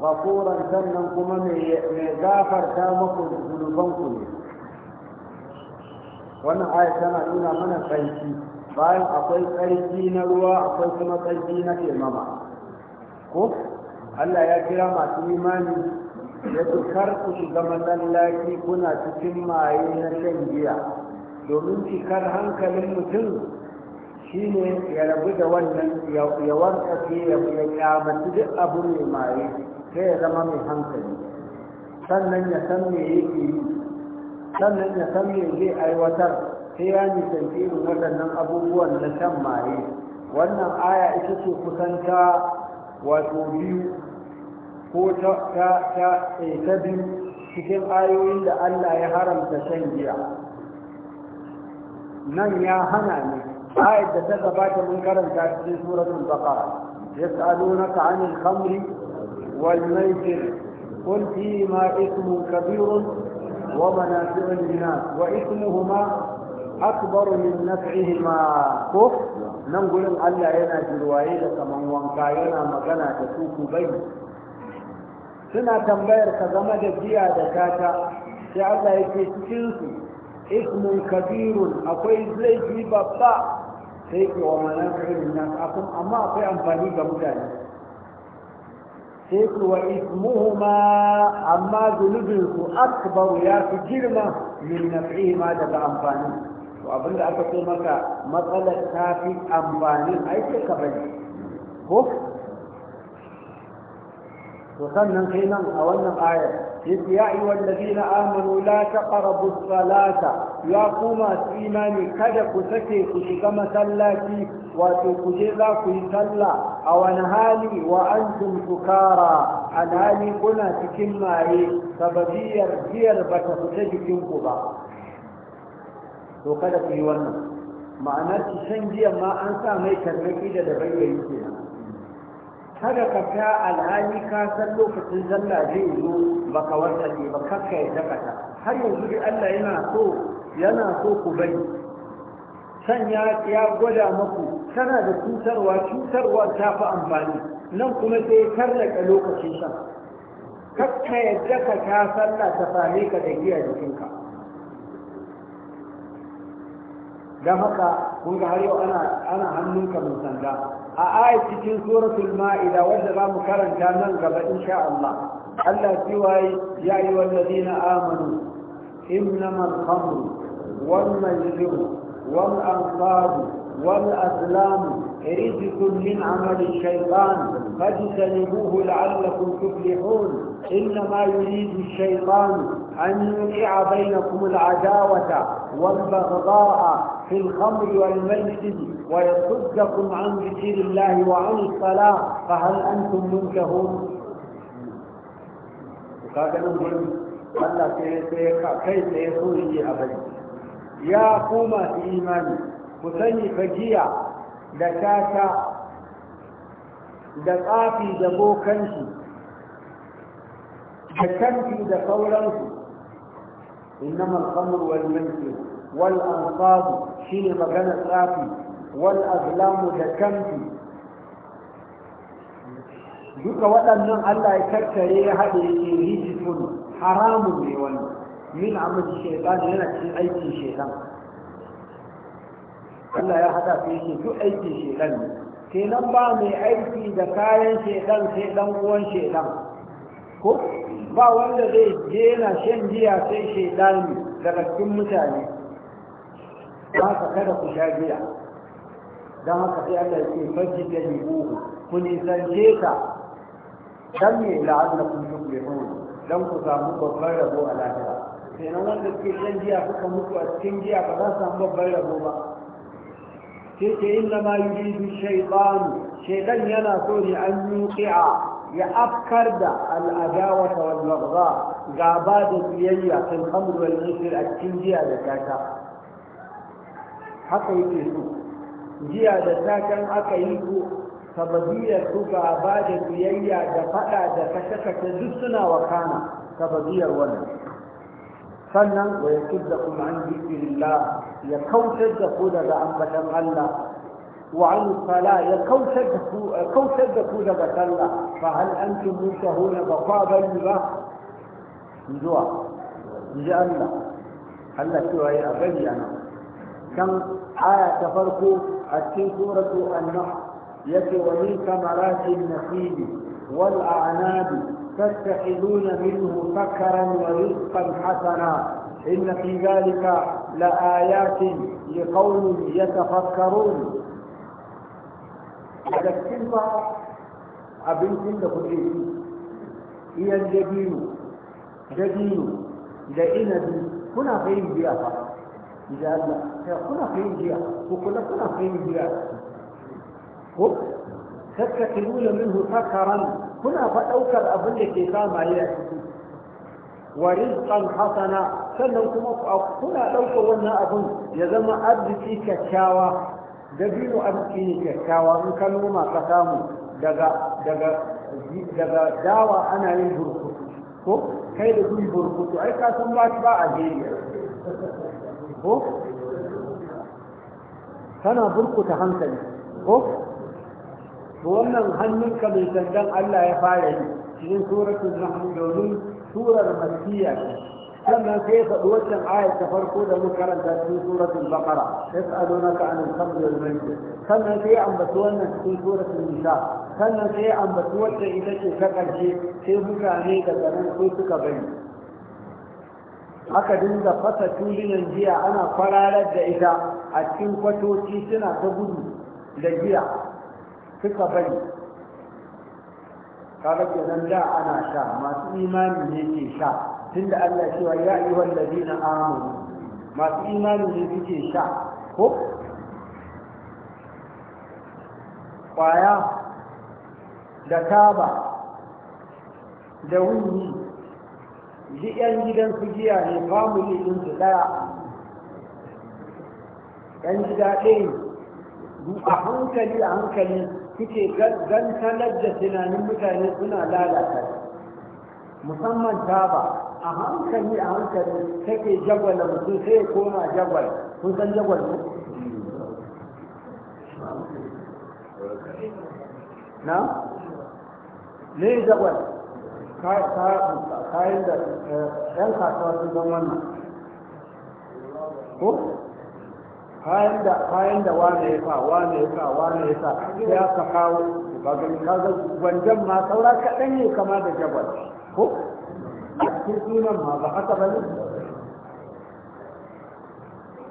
غفورا sannan kuma mai gafarta muku zunubanku ne wannan aya tana nuna mana tsarki bayan akwai tsarki na ruwa akwai kuma tsarki na taimama ko Allah ya kira masu imani ya ce kar ku shiga masallaci kuna cikin maye na shan giya domin cikar hankalin mutum Shi ne ya rabu da wannan ya warkace ya kyamatu duk abu mai maye sai ya zama mai hankali sannan ya san me yake yi sannan ya san me zai aiwatar sai ya nisanci irin waɗannan abubuwan na shan maye wannan aya ita ce kusan ta wato biyu ko ta eh, biyu cikin ayoyin da Allah ya haramta shan giya nan ya hana ne ayat da ta gabata mun karanta cikin suratul baqara يسألونك عن الخمر والميسر قل فيهما إثم كبير ومنافع للناس وإثمهما أكبر من نفعهما كف نقول ألا ينا جروايه كمن وانكاينا مغنى تسوق بين suna tambayar ka zama da biya da kata sai Allah ya ce cikinsu ismun Kabiru akwai laifi babba sai ke wa irin nan amma akwai amfani ga mutane sai kuwa wa ismuhuma amma zunubin ku akbar ya fi girma min naf'ihima daga amfani to abinda aka ce maka matsalar ta fi amfanin ai ka bari ko وسنن حين أولنا آية يا أيها الذين آمنوا لا تقربوا الصلاة يا كما إيماني كذا كسكي كشكما سلاتي وتكجزا كي سلا أو أنهالي وأنتم سكارى أنهالي كنا تكمعي سببير بير بتفتج كنكبا وكذا في ونم ma'anar shan giya ma an sa mai karnaki da da bayyayi kenan kada ka ta alhali ka san lokacin zalla zai zo baka wasalle ba kakka ya dakata har yanzu dai Allah yana so yana so ku bari san ya gwada maku tana da cutarwa cutarwa ta fi amfani nan kuma sai karraka lokacin shan kakka ya dakata sallah ta same ka da giya jikinka don haka kun ga har yau ana hannunka mun sanda a ayat cikin suratul ma'ida wanda za mu karanta nan gaba insha Allah Allah cewa ya yi wallazina amanu innama al-khamru wal maisir wal ansab والأسلام رزق من عمل الشيطان فاجتنبوه لعلكم تفلحون إنما يريد الشيطان أن يوقع بينكم العداوة والبغضاء في الخمر والمسجد ويصدكم عن ذكر الله وعن الصلاة فهل أنتم منتهون؟ kaga nan gurin Allah sai ya kai sai ya ku sani fagiya da tata da tsafi da bokanci da kanti da sauransu إنما shi ne magana tsafi مكان الصافي da دكمتي duka waɗannan Allah ya tattare ya haɗe yake rijifun haramun ne wani. min amal shaitan yana cin aikin shaitan Allah ya haɗa su yake duk aikin shedan ne kenan ba mai aiki da kayan shedan sai dan uwan shedan ko ba wanda zai jena shan giya sai shedan daga cikin mutane ba ka kada ku sha giya don haka sai Allah yake fajji da libuhu ku nisance ka dan me la'allakum tuflihun dan ku samu babbar rabo a lahira kenan wanda suke shan giya suka mutu a cikin giya ba za su samu babbar rabo ba sai inna ma yuridu shaytan shaytan yana so ne an yuqi'a ya afkar da al'adawa wal baghdha gaba da biyayya kan khamr wal maisir a cikin jiya da taka haka yake so jiya da takan aka yi ko sababiyar su gaba da biyayya da fada da kashe-kashe duk suna wakana sababiyar wannan sannan wa yakiddakum an dhikrillah ya kautar da ku daga ambatan Allah wa an sala ya kautar da ku kautar da ku daga sallah fa hal antum muntahuna ba fa bani ba zuwa ji Allah Allah cewa ya bari ana kan aya ta farko a cikin suratu an-nahl yake wani kamaratin samaratin nasibi wal a'nabi تتخذون منه سكرا ورزقا حسنا إن في ذلك لآيات لقوم يتفكرون هذا السلطة أبنت لكم هي الجبين جبين لإنبي هنا قيم بيافة إذا أن هنا قيم بيافة وكل هنا قيم بيافة تتخذون منه سكرا kuna fa ɗaukar abin da ke sa a ciki wa rizqan hasana sannan kuma kuna ɗaukar wannan abin ya zama arziki kyakkyawa dabino arziki ne kyakkyawa in ka noma ka samu daga daga daga dawa ana yin burkutu ko kai da gun burkutu ai ka san ba ba a jeriya ko kana burkuta hankali ko wannan hannunka mai sandan Allah ya fara yi cikin suratul nahl domin surar makkiya sannan sai ya faɗi wancan ayar ta farko da muka karanta cikin suratul baqara yas'alunaka anil khamri wal maisir sannan sai ya ambaci wannan cikin suratul nisa sannan sai ya ambaci wacce ita ce ta ƙarshe sai mutane daga nan sai suka bari aka dinga fasa tulunan jiya ana kwararar da ita a cikin kwatoci suna ta gudu da jiya suka bari kaga kenan da ana sha masu imani ne ke sha tunda Allah ya cewa ya ayyuhal ladina amanu masu imani ne suke sha ko kwaya da taba da wuni yan gidan su giya ne family din su daya yan gida ɗaya a hankali a hankali suke gantanar da tunanin mutane suna lalata musamman taba a hankali a hankali take jagwala mutum sai ya koma jagwal kun san jagwal ne na ne jagwal kayan da eh, 'yan kasuwa sun san wannan ko kayan da kayan da wane ya sa wane ya sa wane ya sa ya aka kawo ba gani kaga gwanjan ma saura kaɗan ne kama da jabal ko a cikin sunan ma ba haka ba ne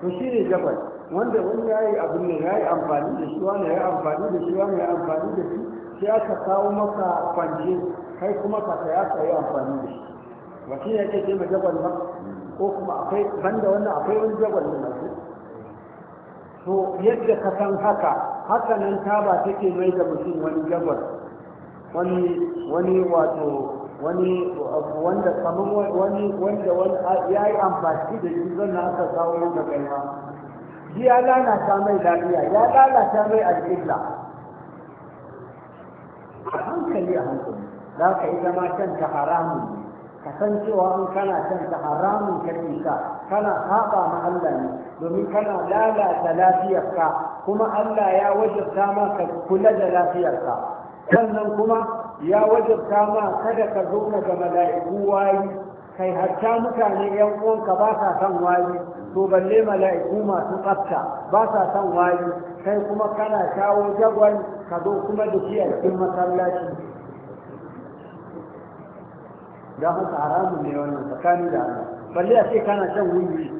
to shi ne jabal wanda wani ya yi abin ne ya yi amfani da shi wane ya amfani da shi wane ya amfani da shi sai aka kawo maka kwanje kai kuma ka saya ka yi amfani da shi ba shi ne ake ce ma jabal ba ko kuma akwai banda wannan akwai wani jabal ne to yadda ka san haka haka nan ba take mai da mutum wani gabar wani wani wato wani wanda kamar wani wanda wani ya yi amfani da shi zan na aka kawo da kaiwa shi ya lalata mai lafiya ya lalata mai alƙibla a hankali a hankali za ka yi zama can ta haramun ka san cewa in kana can ta haramun ka ka kana haɓa ma Allah ne domin kana lalata lafiyarka kuma Allah ya wajabta maka kula da lafiyarka sannan kuma ya wajabta ma kada ka zauna ga mala'iku wayi kai hatta mutane yan uwanka ba sa son wayi to balle mala'iku masu tsafta ba sa son wayi kai kuma kana shawo jagwal ka zo kuma da shi a cikin masallaci da haka haramun ne wannan tsakani da Allah balle a ce kana shan wuri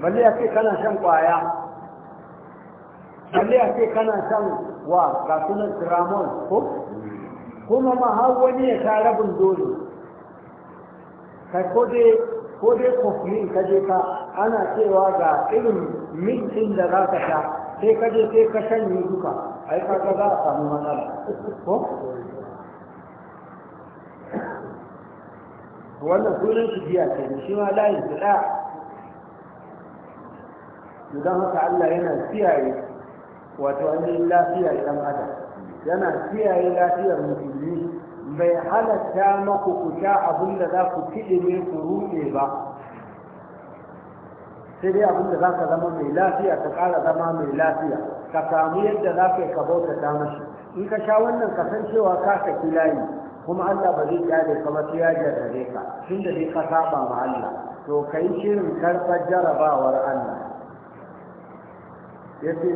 balle a ce kana shan kwaya balle a ce kana shan wa ga sunan tramon ko kuma ma har wani ya ta rabin dole ko dai kofin ka je ka ana cewa ga irin mintin da za ka sha sai ka je sai ka shanye duka ai za a samu matsala ko wannan sunan shi biya ce shi ma layin su ɗaya don haka Allah yana kiyaye wato ainihin lafiyar ɗan adam yana kiyaye lafiyar musulmi bai halatta maku ku sha abin da za ku kiɗime ku ruɗe ba sai dai abin da za ka zama mai lafiya ka ƙara zama mai lafiya ka samu yadda za ka yi ka bauta ta mashi in ka sha wannan ka san cewa ka saki layi kuma Allah ba zai kyale ka ba sai ya jarrabe ka tunda dai ka saba ma Allah to kai shirin karɓar jarabawar Allah ya ce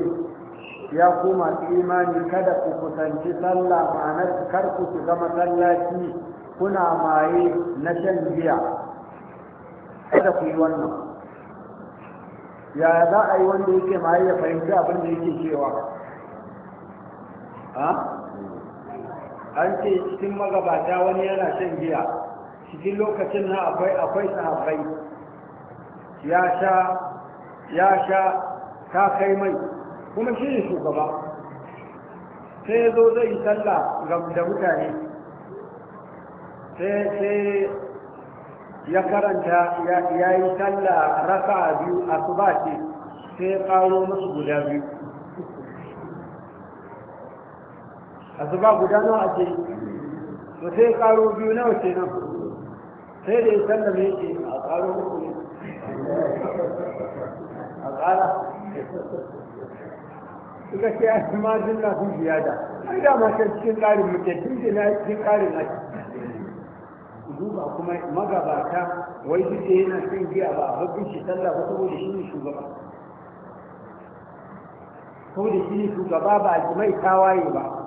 ya kuma imani kada ku kusanci sallah ma'anar kar ku shiga masallaci kuna maye na shan giya kada ku yi wannan yaya za a yi wanda yake maye ya fahimci abin da yake cewa an ce cikin magabata wani yana shan giya cikin lokacin na akwai akwai sahabbai ya sha ya sha ta kai mai kuma shi ne shugaba sai ya zo zai yi sallah da mutane sai ya karanta ya yi sallah rasa biyu a su ba ce sai ya kawo musu guda biyu a su ba guda nawa a ce to sai ya karo biyu nawa ce nan sai da ya sallame mai ce a karo musu a kara suka ce ya fi mazin na kun da ai da masar cikin ƙarin muke tun da na cikin ƙarin a duba kuma magabata wai duk da yana cin giya ba a babin shi sallah ba saboda shi ne shugaba saboda shi ne shugaba ba a mai tawaye ba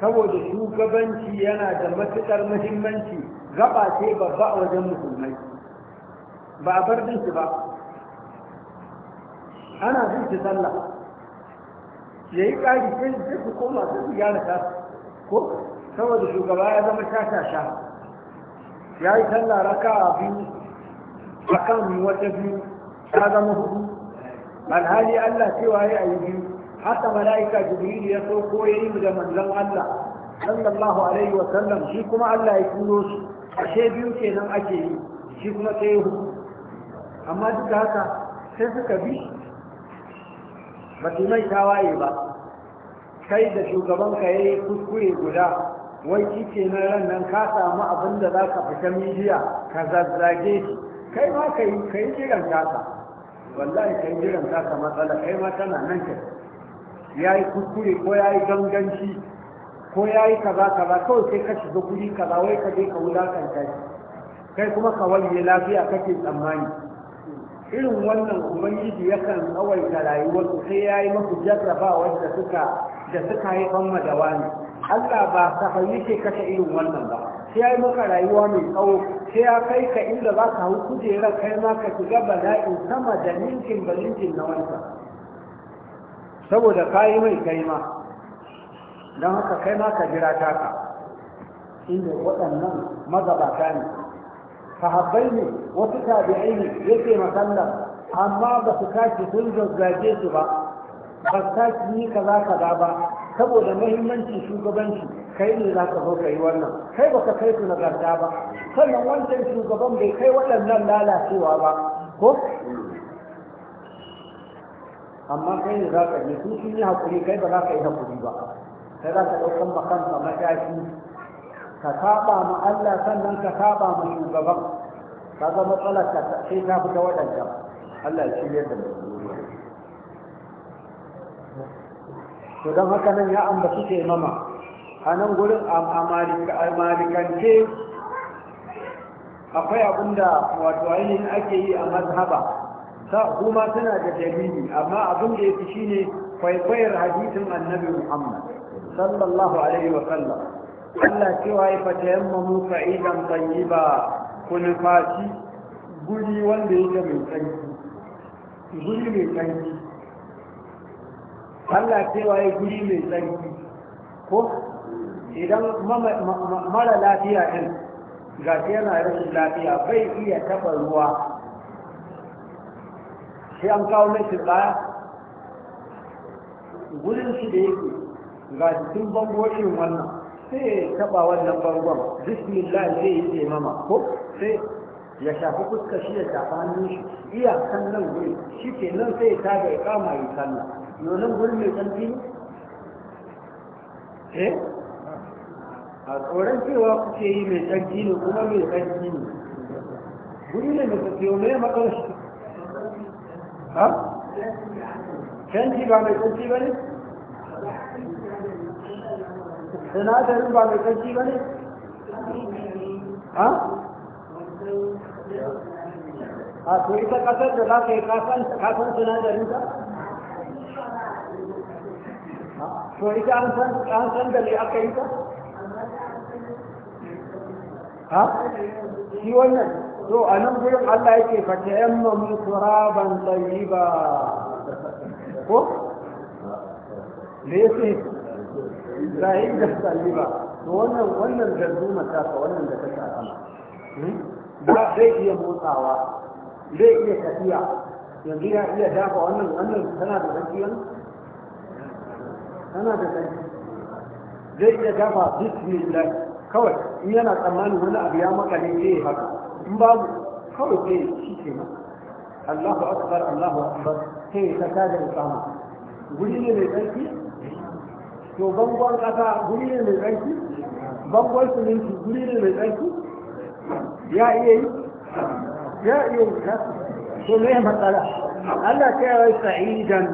saboda shugabanci yana da matuƙar muhimmanci gaba ce babba a wajen musulmai ba a bar ɗinsu ba ana zai shi sallah ya yi ƙari sai da su koma sai su gyara ta ko saboda shugaba ya zama sha-sha-sha ya yi sallah raka a biyu akan wata biyu ta zama hudu alhali Allah cewa ya yi biyu haka mala'ika jibrilu ya sauko ya yi da manzon Allah sallallahu alaihi wa sallam shi kuma Allah ya turo a ashe biyu kenan ake yi shi kuma sai hudu amma duka haka sai suka bi ba su waye ba kai da shugabanka ya yi kuskure guda wai kike na ran nan ka samu abin da za ka fita midiya ka zazzage shi kai ma ka yi ka yi jiran wallahi ka yi jiran ka matsala kai ma tana nan kai ya yi kuskure ko ya yi ganganci ko ya yi kaza kaza kawai sai ka shiga guri kaza wai ka je ka wulakanta shi kai kuma ka wani lafiya kake tsammani irin wannan ubangiji yakan tsawaita rayuwarsu sai ya yi masu jarrabawa da suka da suka haifan madawa ne Allah ba ta yake kashe irin wannan ba sai ya yi maka rayuwa mai tsawo sai ya kai ka inda za ka hau kujerar kai ma ka shiga bala'in sama da ninkin ba ninkin na wanta saboda ka yi mai kai ma don haka kai ma ka jira taka inda waɗannan magabata ne sahabbai ne wasu tabi'ai ne yake masallar amma ba su tashi sun zazzage su ba ba su tashi yi kaza kaza ba saboda muhimmanci shugabanci kai ne za ka zo ka yi wannan kai ba ka kai su nagarta ba sannan wancan shugaban bai kai waɗannan lalacewa ba ko amma kai ne za ka yi, su sun yi haƙuri kai ba za ka yi haƙuri ba kai za ka ɗaukan makanta matashi. ka saba ma Allah sannan ka saba ma shugaban ka kaga matsalar ka sai ta fita waɗanda Allah ya shirya da mu to don haka nan ya ambaci taimama a nan gurin a malikance akwai abin da wato ainihin ake yi a mazhaba kuma suna da dalili amma abin da ya fi shine kwaikwayar hadisin annabi muhammad sallallahu alaihi wa sallam Allah cewa ya fata yamma mu fa'idan ba ku nufaci guri wanda yake mai tsanki guri mai tsanki Allah cewa ya guri mai tsanki ko idan mara lafiya ɗin ga yana rashin lafiya bai iya taɓa ruwa sai an kawo mai tsaya gudun shi da yake ga tun bango wannan sai taba wannan bangon bismillah zai yi taimama ko sai ya shafi fuskar shi ya shafi hannun shi iyakan nan guri shi ke nan sai ya ga ya kama yi sallah yonin guri mai tsanti eh a tsoron cewa kuke yi mai tsanti ne kuma mai tsanti ne guri ne mai tsanti ya matsalar shi ha? Canji ba mai tsanti ba ne? da na ta ba mai kanci ba ne ha a to ita kasar da za ka yi kasan sinadarin ta to ita an san da ne aka yi ta ha shi wannan to a nan gurin Allah yake fata yan mamu turaban tsayi ba ko? Lesin ba yi da salli ba to wannan wannan darduma ta ka wannan da ta shafa hmm? ba zai iya motsawa zai iya tafiya yanzu ya iya dafa wannan wannan tana da zanki yan tana da zanki zai iya dafa bismillah kawai in yana tsammanin wani abu ya makale zai haka in babu kawai zai shi ke nan Allahu akbar Allahu akbar sai ta kada ya samu guji ne mai tsarki to bangon ƙasa guri ne mai tsarki bangon siminti guri ne mai tsarki ya iya yi ya iya yi ta to me matsala Allah ta yawai sa'idan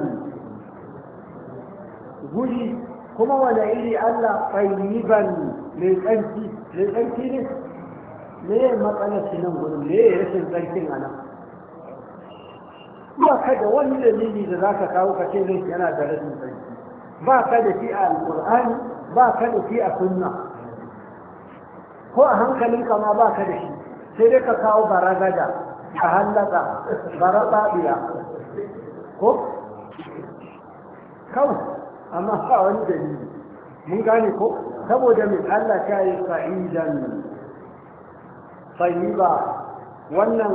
guri kuma wani iri Allah tsayiban mai tsarki mai tsarki ne me matsalar shi nan gudun me ya yi rashin tsarkin a nan ba ka da wani dalili da za ka kawo ka ce zai yana da rashin tsarki ba ka da shi a alƙur'ani ba ka da shi a sunna ko a hankalinka ma ba ka da shi sai dai ka kawo baragada ka hallaka barababiya ko kawai amma ba wani dalili mun gane ko saboda mai Allah ya yi fa'idan ba. wannan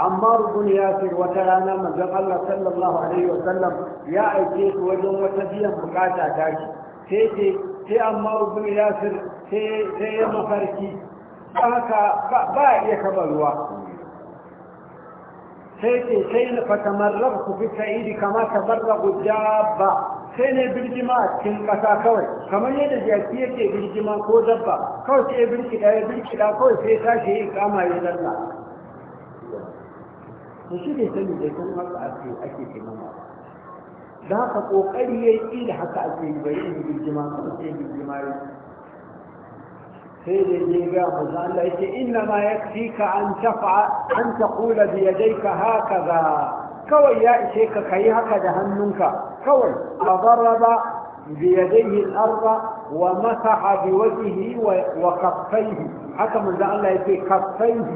ammar bin yasir wata rana manzon Allah sallallahu alaihi sallam) ya aike su wajen wata biyan bukata ta shi sai ce sai ammar bin yasir sai ya mafarki haka ba iya kaba ruwa sai ce sai na fatamarrabu fi sa'idi kama tabarrabu ba. sai ne birgima a cikin ƙasa kawai kamar yadda jaki yake birgima ko dabba kawai sai birkida ya birkida kawai sai tashi yi kama ya zalla su shi ne sani da sun haka ake ake nama da haka ƙoƙari ya yi da haka ake yi bai yi birgima kuma sai birgima ya sai da je ga maza Allah yake inna ma ka an tafa an taqula ka haka ga. kawai ya ishe ka yi haka da hannunka kawai fa daraba بيديه الأرض ومسح بوجهه وكفيه حتى من ذا الله يتي كفيه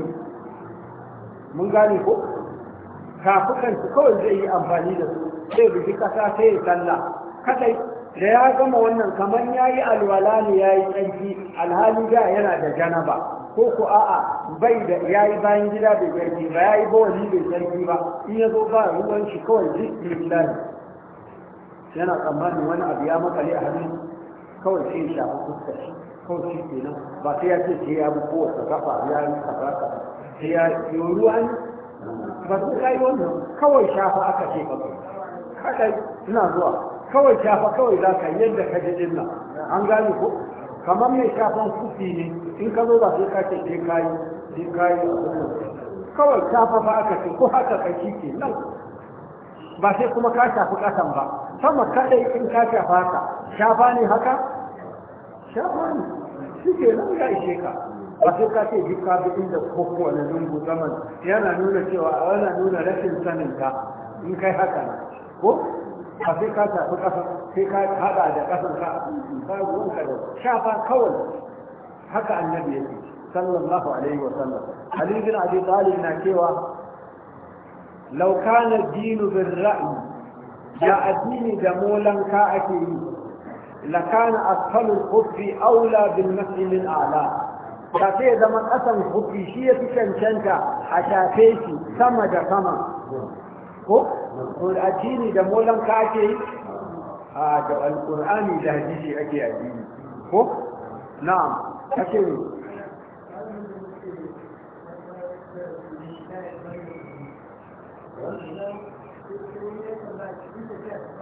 من قال يقول كافكا تقول زي أمفاني له sai biki kasa sai ya salla kadai da ya gama wannan kamar ya yi alwala ne ya yi tsarki alhali da yana da janaba ko ku a'a bai da ya yi bayan gida bai tsarki ba ya yi bawani bai tsarki ba in ya zo ba ruwan shi kawai zikri lillahi yana tsammanin wani abu ya makale a hannun kawai shi ya shafi fuskar shi kawai shi kenan ba sai ya ce sai ya bi kowace gafa ya yi kaza kaza sai ya yi ruwan ba sai ka yi wannan kawai shafa aka ce ba kai ina zuwa kawai shafa kawai za ka yadda ka ji dinna an gane ko kamar mai shafan kufi ne in ka zo ba sai ka ce sai ka yi sai ka yi kawai shafa ba aka ce ko haka ka shi ke nan ba sai kuma ka shafi kasan ba sama kadai in ka shafa ka shafa ne haka shafa ne shi ke nan ya ishe ka ba sai ka ce duk bi inda koko wani lungu zaman yana nuna cewa yana nuna rashin sanin ka in kai haka ne ko ba sai ka shafi ƙasa sai ka haɗa da ƙasan ka ba ka da shafa kawai haka annabi ya yake sallallahu alaihi wa sallam ali bin abi talib na cewa law kana dinu bil ra'i يا addini جمولا كأكي لكان أسفل الخف أولى بالمسح من أعلى كافية زمن أسفل الخف شيء كنشنك حشافيتي سما دا سما والأجيني جمولا كاكي هذا القرآن لهجيشي أكي أجيني نعم كاكي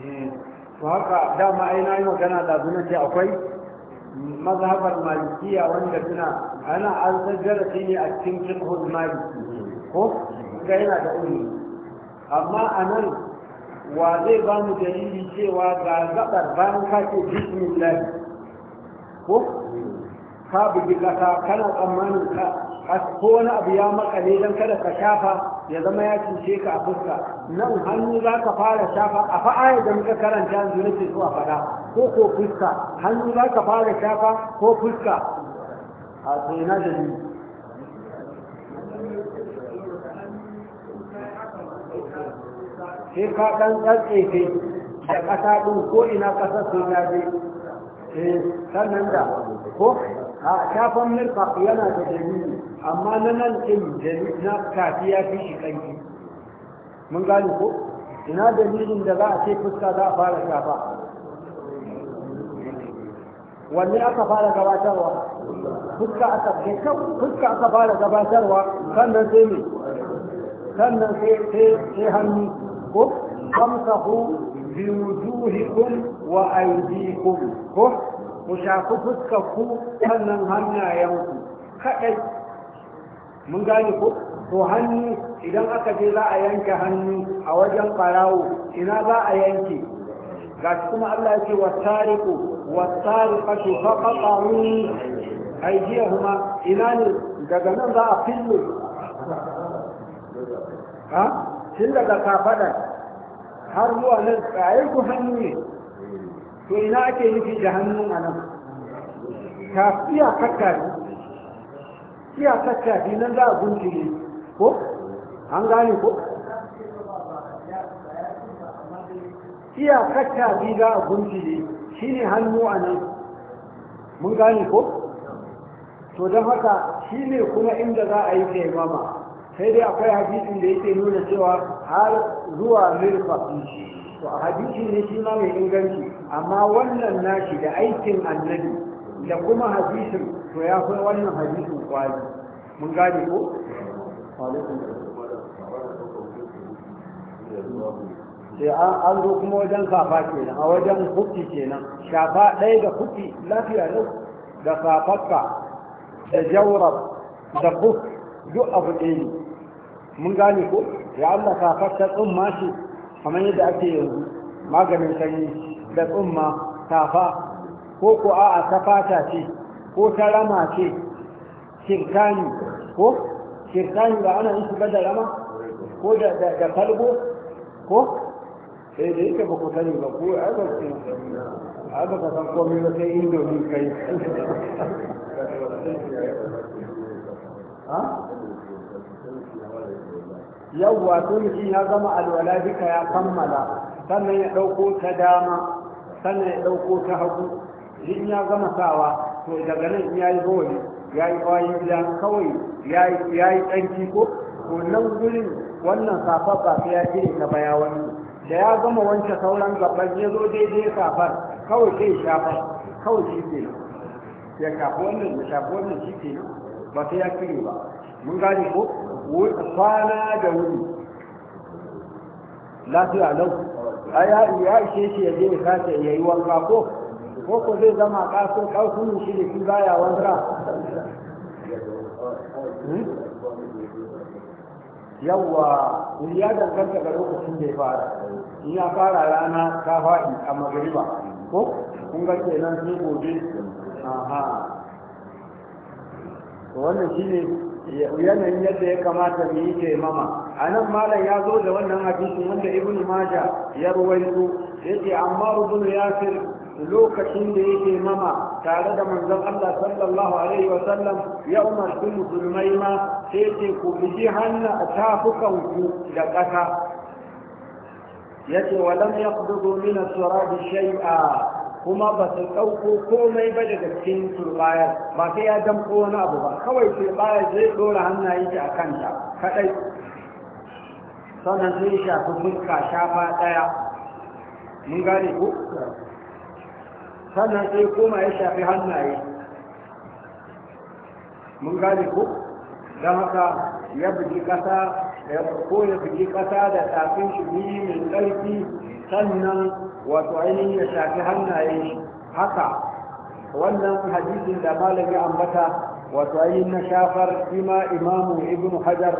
Eh, to haka dama ai na yi magana da zuna ce akwai mazhabar malikiya wanda suna ana an sajjara shi ne a cikin cikin maliki ko ga yana da ulumi amma a nan wa zai ba mu dalili cewa ga zaɓar bayan ka ce bismillah ko ka bugi kasa kana tsammanin ka ko wani abu ya makale don kada ka shafa ya zama ya cuce ka a fuska nan hannu za ka fara shafa a fa'ayar da muka karanta yanzu nake so a faɗa ko ko fuska hannu za ka fara shafa ko fuska a tsina da ni sai ka ɗan tsatsefe da ƙasa ɗin ko ina ƙasar sun yaje eh, sannan da ko a shafan mirfaq yana da dalili amma na nan ɗin dalili na kafi ya fi shi ƙanki mun gani ko ina dalilin da za a ce fuska za a fara shafa wanne aka fara gabatarwa fuska aka fuska aka fara gabatarwa sannan sai ne sannan sai hannu ko amsahu bi wujuhikum wa aydikum ko ku shafi fuskarku sannan hannayenku kaɗai mun gane ku to hannu idan aka je za a yanke hannu a wajen ɓarawo ina za a yanke ga kuma Allah ya ce wa tariku wa tariqatu faqatu kuma ina ne daga nan za a fille ha tun daga kafaɗa har zuwa nan tsaye ku hannu ne to ina ake nufi da hannun a nan ka iya kakkafi iya kakkafi nan za a ne, ko an gane ko Fiya kakkafi za a shi shine hannu a nan mun gane ko to don haka shi ne kuma inda za a yi taimama sai dai akwai hadisin da yake nuna cewa har zuwa mirfa to a hadisi ne shi ma mai inganci amma wannan nashi da aikin annabi da kuma hadisin to ya kai wannan hadisin kwali mun gane ko sai an zo kuma wajen safa kenan a wajen hukki kenan shafa ɗaya da hukki lafiya ne da safarka da jawrab da buk duk abu ɗaya ne mun gane ko ya Allah ka fata tsumma shi kamar yadda ake yanzu maganin sanyi da tsumma tafa ko ko a a fata ce ko ta rama ce shirkani ko shirkani ba ana yin shiga da rama ko da kalbo ko sai eh, da yake ba ku sani ba ko a ga shi a ba ka san komai ba sai indomi kai ha yawwa sulhi ya zama alwala duka ya kammala sannan ya ɗauko ta dama sannan ya ɗauko ta hagu in ya gama sawa to daga nan ya yi bawali ya yi bayan gida kawai ya yi tsanki ko to nan gurin wannan safar ba sai ya je ta baya wani da ya zama wancan sauran gaban ya zo daidai safar kawai sai shafa kawai shi ke ya shafi wannan ya shafi wannan shi ke ba sai ya kire ba mun gane ko kwana da wuri lafiya lau a ya ishe shi ya je ya kace ya yi wanka ko ko ko zai zama kaso kalkunin shi da shi baya wanka hmm? yawwa ya danganta ga lokacin da ya fara in ya fara rana ta faɗi a magariba ko kun ga kenan sai gobe aha Wannan shi ne. yanayin yadda ya kamata mu yi taimama a nan malam ya zo da wannan hadisin wanda ibn maja ya ruwaito yace amma ya yasir lokacin da yake mama tare da manzan Allah sallallahu alaihi wa sallam ya umarci musulmai ma sai ce ku biji hannu a tafukan ku da ƙasa yace walam yaqdudu min as-surabi shay'a kuma ba su ɗauko komai ba daga cikin turbayar ba sai ya damko wani abu ba kawai turbayar zai ɗora hannayen shi a kanta kaɗai sannan sai shafi fuska shafa ɗaya mun gane ko sannan sai koma ya shafi hannaye mun gane ko don haka ya bugi ƙasa ko ya bugi ƙasa da tafin shi mai ƙarfi sannan wato ainihin ya shafi hannaye haka wannan hadisin da malami ambata wato ainihin na shafar shima imamu ibn hajar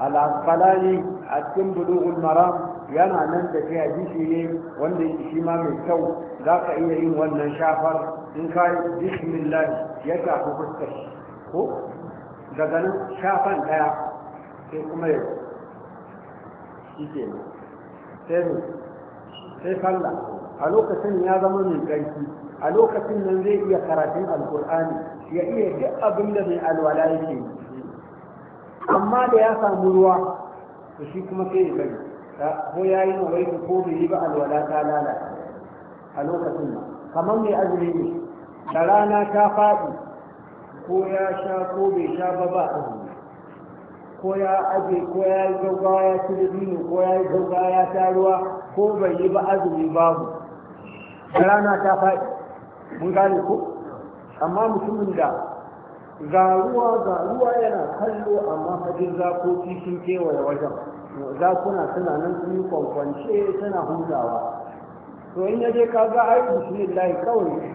al-asqalani a cikin bulughul maram yana nan da shi hadisi ne wanda yake shi ma mai kyau za ka iya yin wannan shafar in ka yi bismillah ya shafi fuskar ko daga nan shafan daya sai kuma ya shi ke sai sai sallah a lokacin ya zama mai ƙarfi a lokacin nan zai iya karatun alkur'ani ya iya duk abin da mai alwala yake yi amma da ya samu ruwa to shi kuma sai ya bari ko ya yi mawai ko bai yi ba alwala ta lalata a lokacin nan kamar mai azumi ne da rana ta faɗi ko ya sha ko bai sha ba ba azumi ko ya aje ko ya yi gaugawa ya ci dabino ko ya yi ya ta ruwa ko bai yi ba azumi babu rana ta faɗi mun gane ko amma mutumin da ga ruwa ga ruwa yana kallo amma hajjin zakoki sun kewaye wajen zakuna suna nan sun yi kwankwance suna hutawa to in yaje ka ga ai bismillah kawai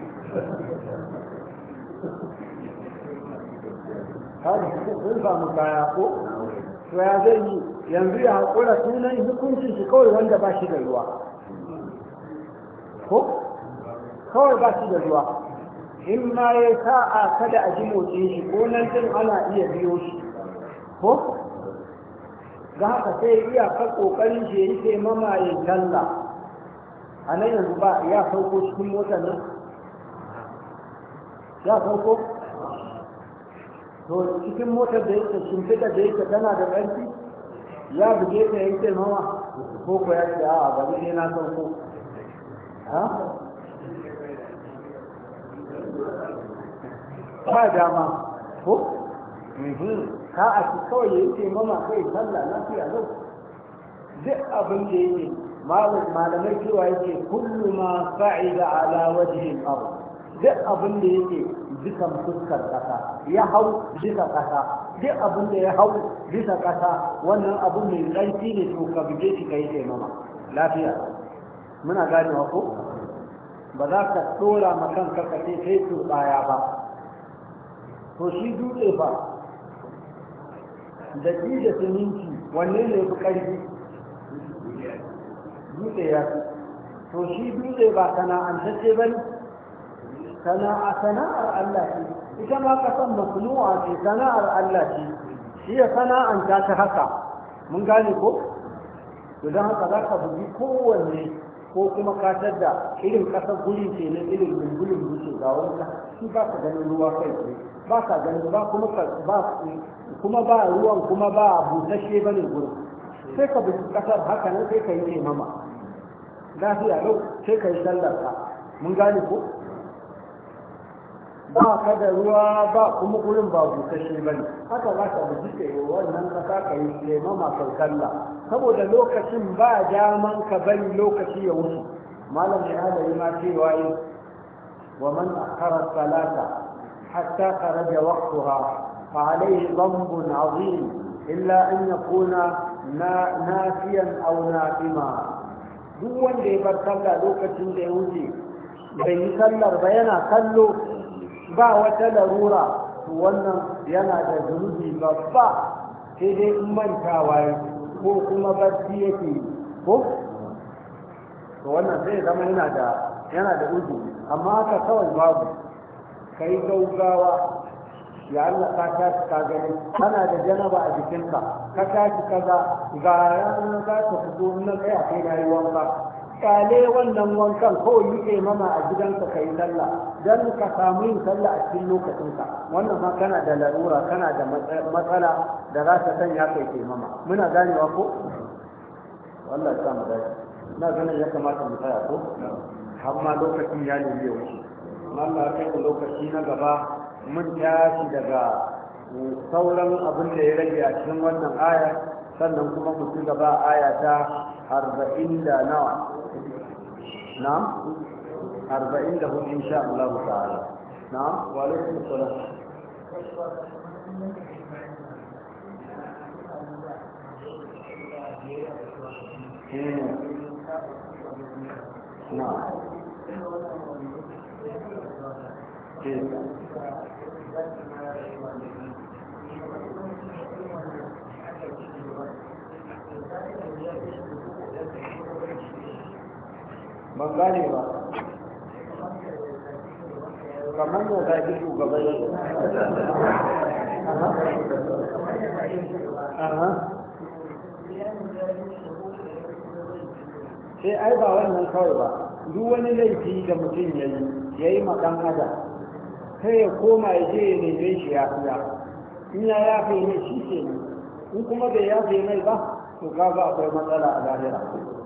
hadi sun samu kaya ko to ya zai yi yanzu ya haƙura sunan hukuncin shi kawai wanda ba shi da ruwa ko kawai ba shi da ruwa in ma ya sa'a kada a ji motsin shi ko nan din ana iya biyo shi ko ga haka sai iya ka ƙoƙarin shi ya yi sai mamaye talla a nan yanzu ba ya sauko cikin motsa nan ya sauko to cikin motar da yake shimfiɗa da yake tana da ƙarfi ya buge ta ya ce mama ko ko ya ce a ba ne na san ko ha ba dama ko mhm. ka a ci kawai ya ce mama kai sallah na lafiya lau duk abin da yake malamai cewa yake kullu ma fa'ida ala wajhin ardh duk abin da yake jikan fuskar ƙasa ya hau bisa ƙasa duk abin da ya hau bisa ƙasa wannan abin mai ƙarfi ne to ka buge shi ka yi taimama lafiya muna gane ko ba za ka tsora ma kan ka ce sai tsaya ba to shi dutse ba da ji da siminti wanne ne fi ƙarfi dutse ya fi. to shi dutse ba sana'antacce ba ne sana'a sana'ar Allah ce ita ma kasan masnu'a ce sana'ar Allah ce shi ya sana'anta ta haka mun gane ko to don haka za ka bugi kowanne ko kuma katar da irin kasa guri ce na irin bulbulin wuce ga wani shi ba ka ganin ruwa kai ce ba ka ganin ba kuma ba kuma ba ruwan kuma ba busasshe bane gurin sai ka bugi kasar haka nan sai ka yi mama lafiya yau sai ka yi sallar ka mun gane ko ba ka da ruwa ba kuma gurin ba busasshe ba ne haka za ka buji tsaye wannan kasa ka yi masu kalla. saboda lokacin ba daman ka bari lokaci ya wuce malam ya yi ma cewa yi wa man akhara salata hatta kharaja waqtaha fa alayhi zambun azim illa an yakuna nasiyan aw nafima duk wanda ya bar sallah lokacin da ya wuce bai yi sallar ba yana kallo ba wata larura to wannan yana da zunubi babba sai dai in mantawa ko kuma barci yake ko to wannan zai zama yana da yana da uzu amma haka kawai babu kai gaugawa ya Allah ka tashi ka gani kana da janaba a jikinka ka tashi kaza ga ranar za ta fito na kai a kai na yi wanka kale wannan wankan kawai yi mama a gidanka ka yi sallah don ka samu yin sallah a cikin lokacinka wannan ma kana da larura kana da matsala da za ta sanya kai taimama muna ganewa ko wallah ta mu dace na ganin ya kamata mu tsaya ko har ma lokacin ya nemi ya wuce Allah kai ku lokaci na gaba mun tashi daga eh, sauran abin da ya rage a cikin wannan aya sannan kuma mu ci gaba aya ta arba'in da nawa na'am أربعين لهم إن شاء الله تعالى نعم وعليكم السلام نعم نعم kamar ya zaki shugaban shi sai ai ba wannan kawai ba duk wani laifi da mutum ya yi ya yi makan adam sai ya koma ya je ya neme shi ya fiya in ya yafe ne shi ke ne in kuma bai fi mai ba to kaga akwai matsala a lahira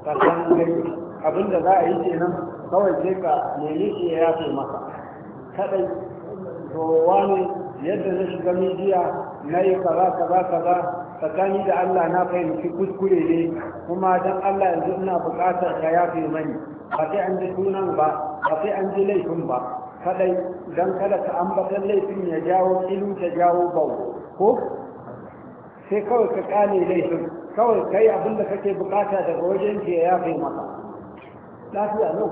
san gari abinda za a yi kenan kawai sai ka nemi shi ya fi maka kadai to wani yadda na shiga midiya na yi kaza kaza kaza tsakani da Allah na fahimci kuskure ne kuma dan Allah yanzu ina buƙatar ka yafe mani ba sai an ji sunan ba ba sai an ji laifin ba kadai dan kada ka ambatan laifin ya jawo ilu ta jawo bau ko sai kawai ka kane laifin kawai kai abin da kake buƙata daga wajen ke ya yafe maka lafiya no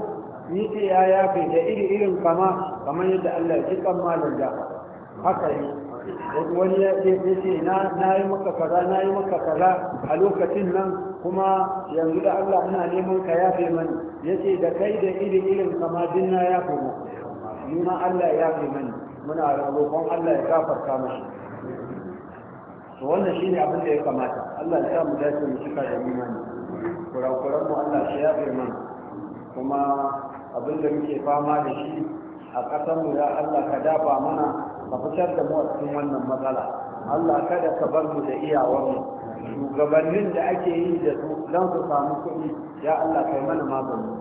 ni ce ya yafe da iri irin kama kamar yadda Allah ya ji kan malam da haka ne wani ya ce na yi maka kaza na yi maka kaza a lokacin nan kuma yanzu da Allah ina neman ka yafe mani ya ce da kai da irin irin kama na yafe mu nuna Allah ya yafe mani muna roƙon Allah ya gafarta mashi to wannan ne abin da ya kamata Allah ya sa mu dace mu cika da imani kurakuran mu Allah ya yafe mani kuma abin da muke fama da shi a ƙasarmu ya Allah ka dafa mana ka fitar da mu a cikin wannan matsala Allah kada ka bar mu da iyawarmu shugabannin da ake yi da su don su samu kuɗi ya Allah kai mana magani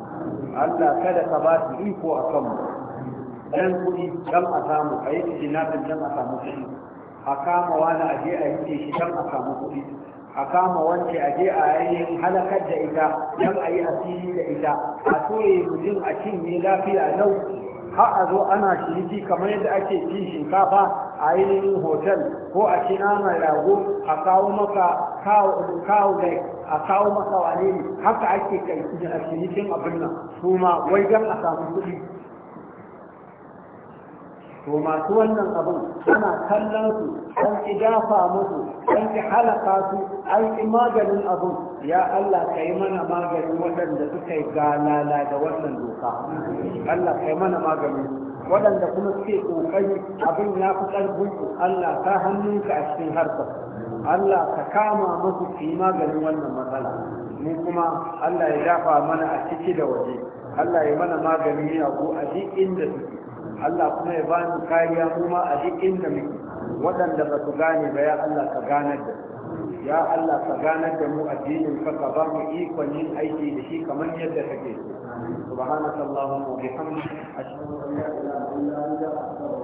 Allah kada ka ba su iko a kanmu Dan kuɗi don a samu a yi cikin jinafin don a samu kuɗi a kama wani a je a yi shi don a samu kuɗi a kama wance a je a yayin halakar da ita don a yi asiri da ita a ture mutum a cinye lafiya lau har a zo ana shiriki kamar yadda ake cin shinkafa a ainihin hotel ko a ci naman rago a kawo maka kawo da a kawo maka wane ne haka ake kai shirikin abin nan su ma wai don a samu kuɗi to masu wannan abin ana kallon su an ki dafa musu an ki halaka su an ki maganin abin ya Allah ka yi mana maganin waɗanda suka yi galala da wannan doka Allah ka yi mana maganin waɗanda kuma suke ƙoƙari abin ya fi ƙarfin Allah ka hannunka a cikin harkar Allah ka kama musu su yi maganin wannan matsala mu kuma Allah ya dafa mana a ciki da waje Allah ya mana maganin ko a duk inda suke Allah kuma ya ba mu kariya mu ma a duk inda muke waɗanda ba su gane ba ya Allah ka ganar da ya Allah ka ganar da mu addinin ka ka ba mu ikon yin aiki da shi kamar yadda kake subhanakallahumma wa bihamdika ashhadu an la ilaha illa anta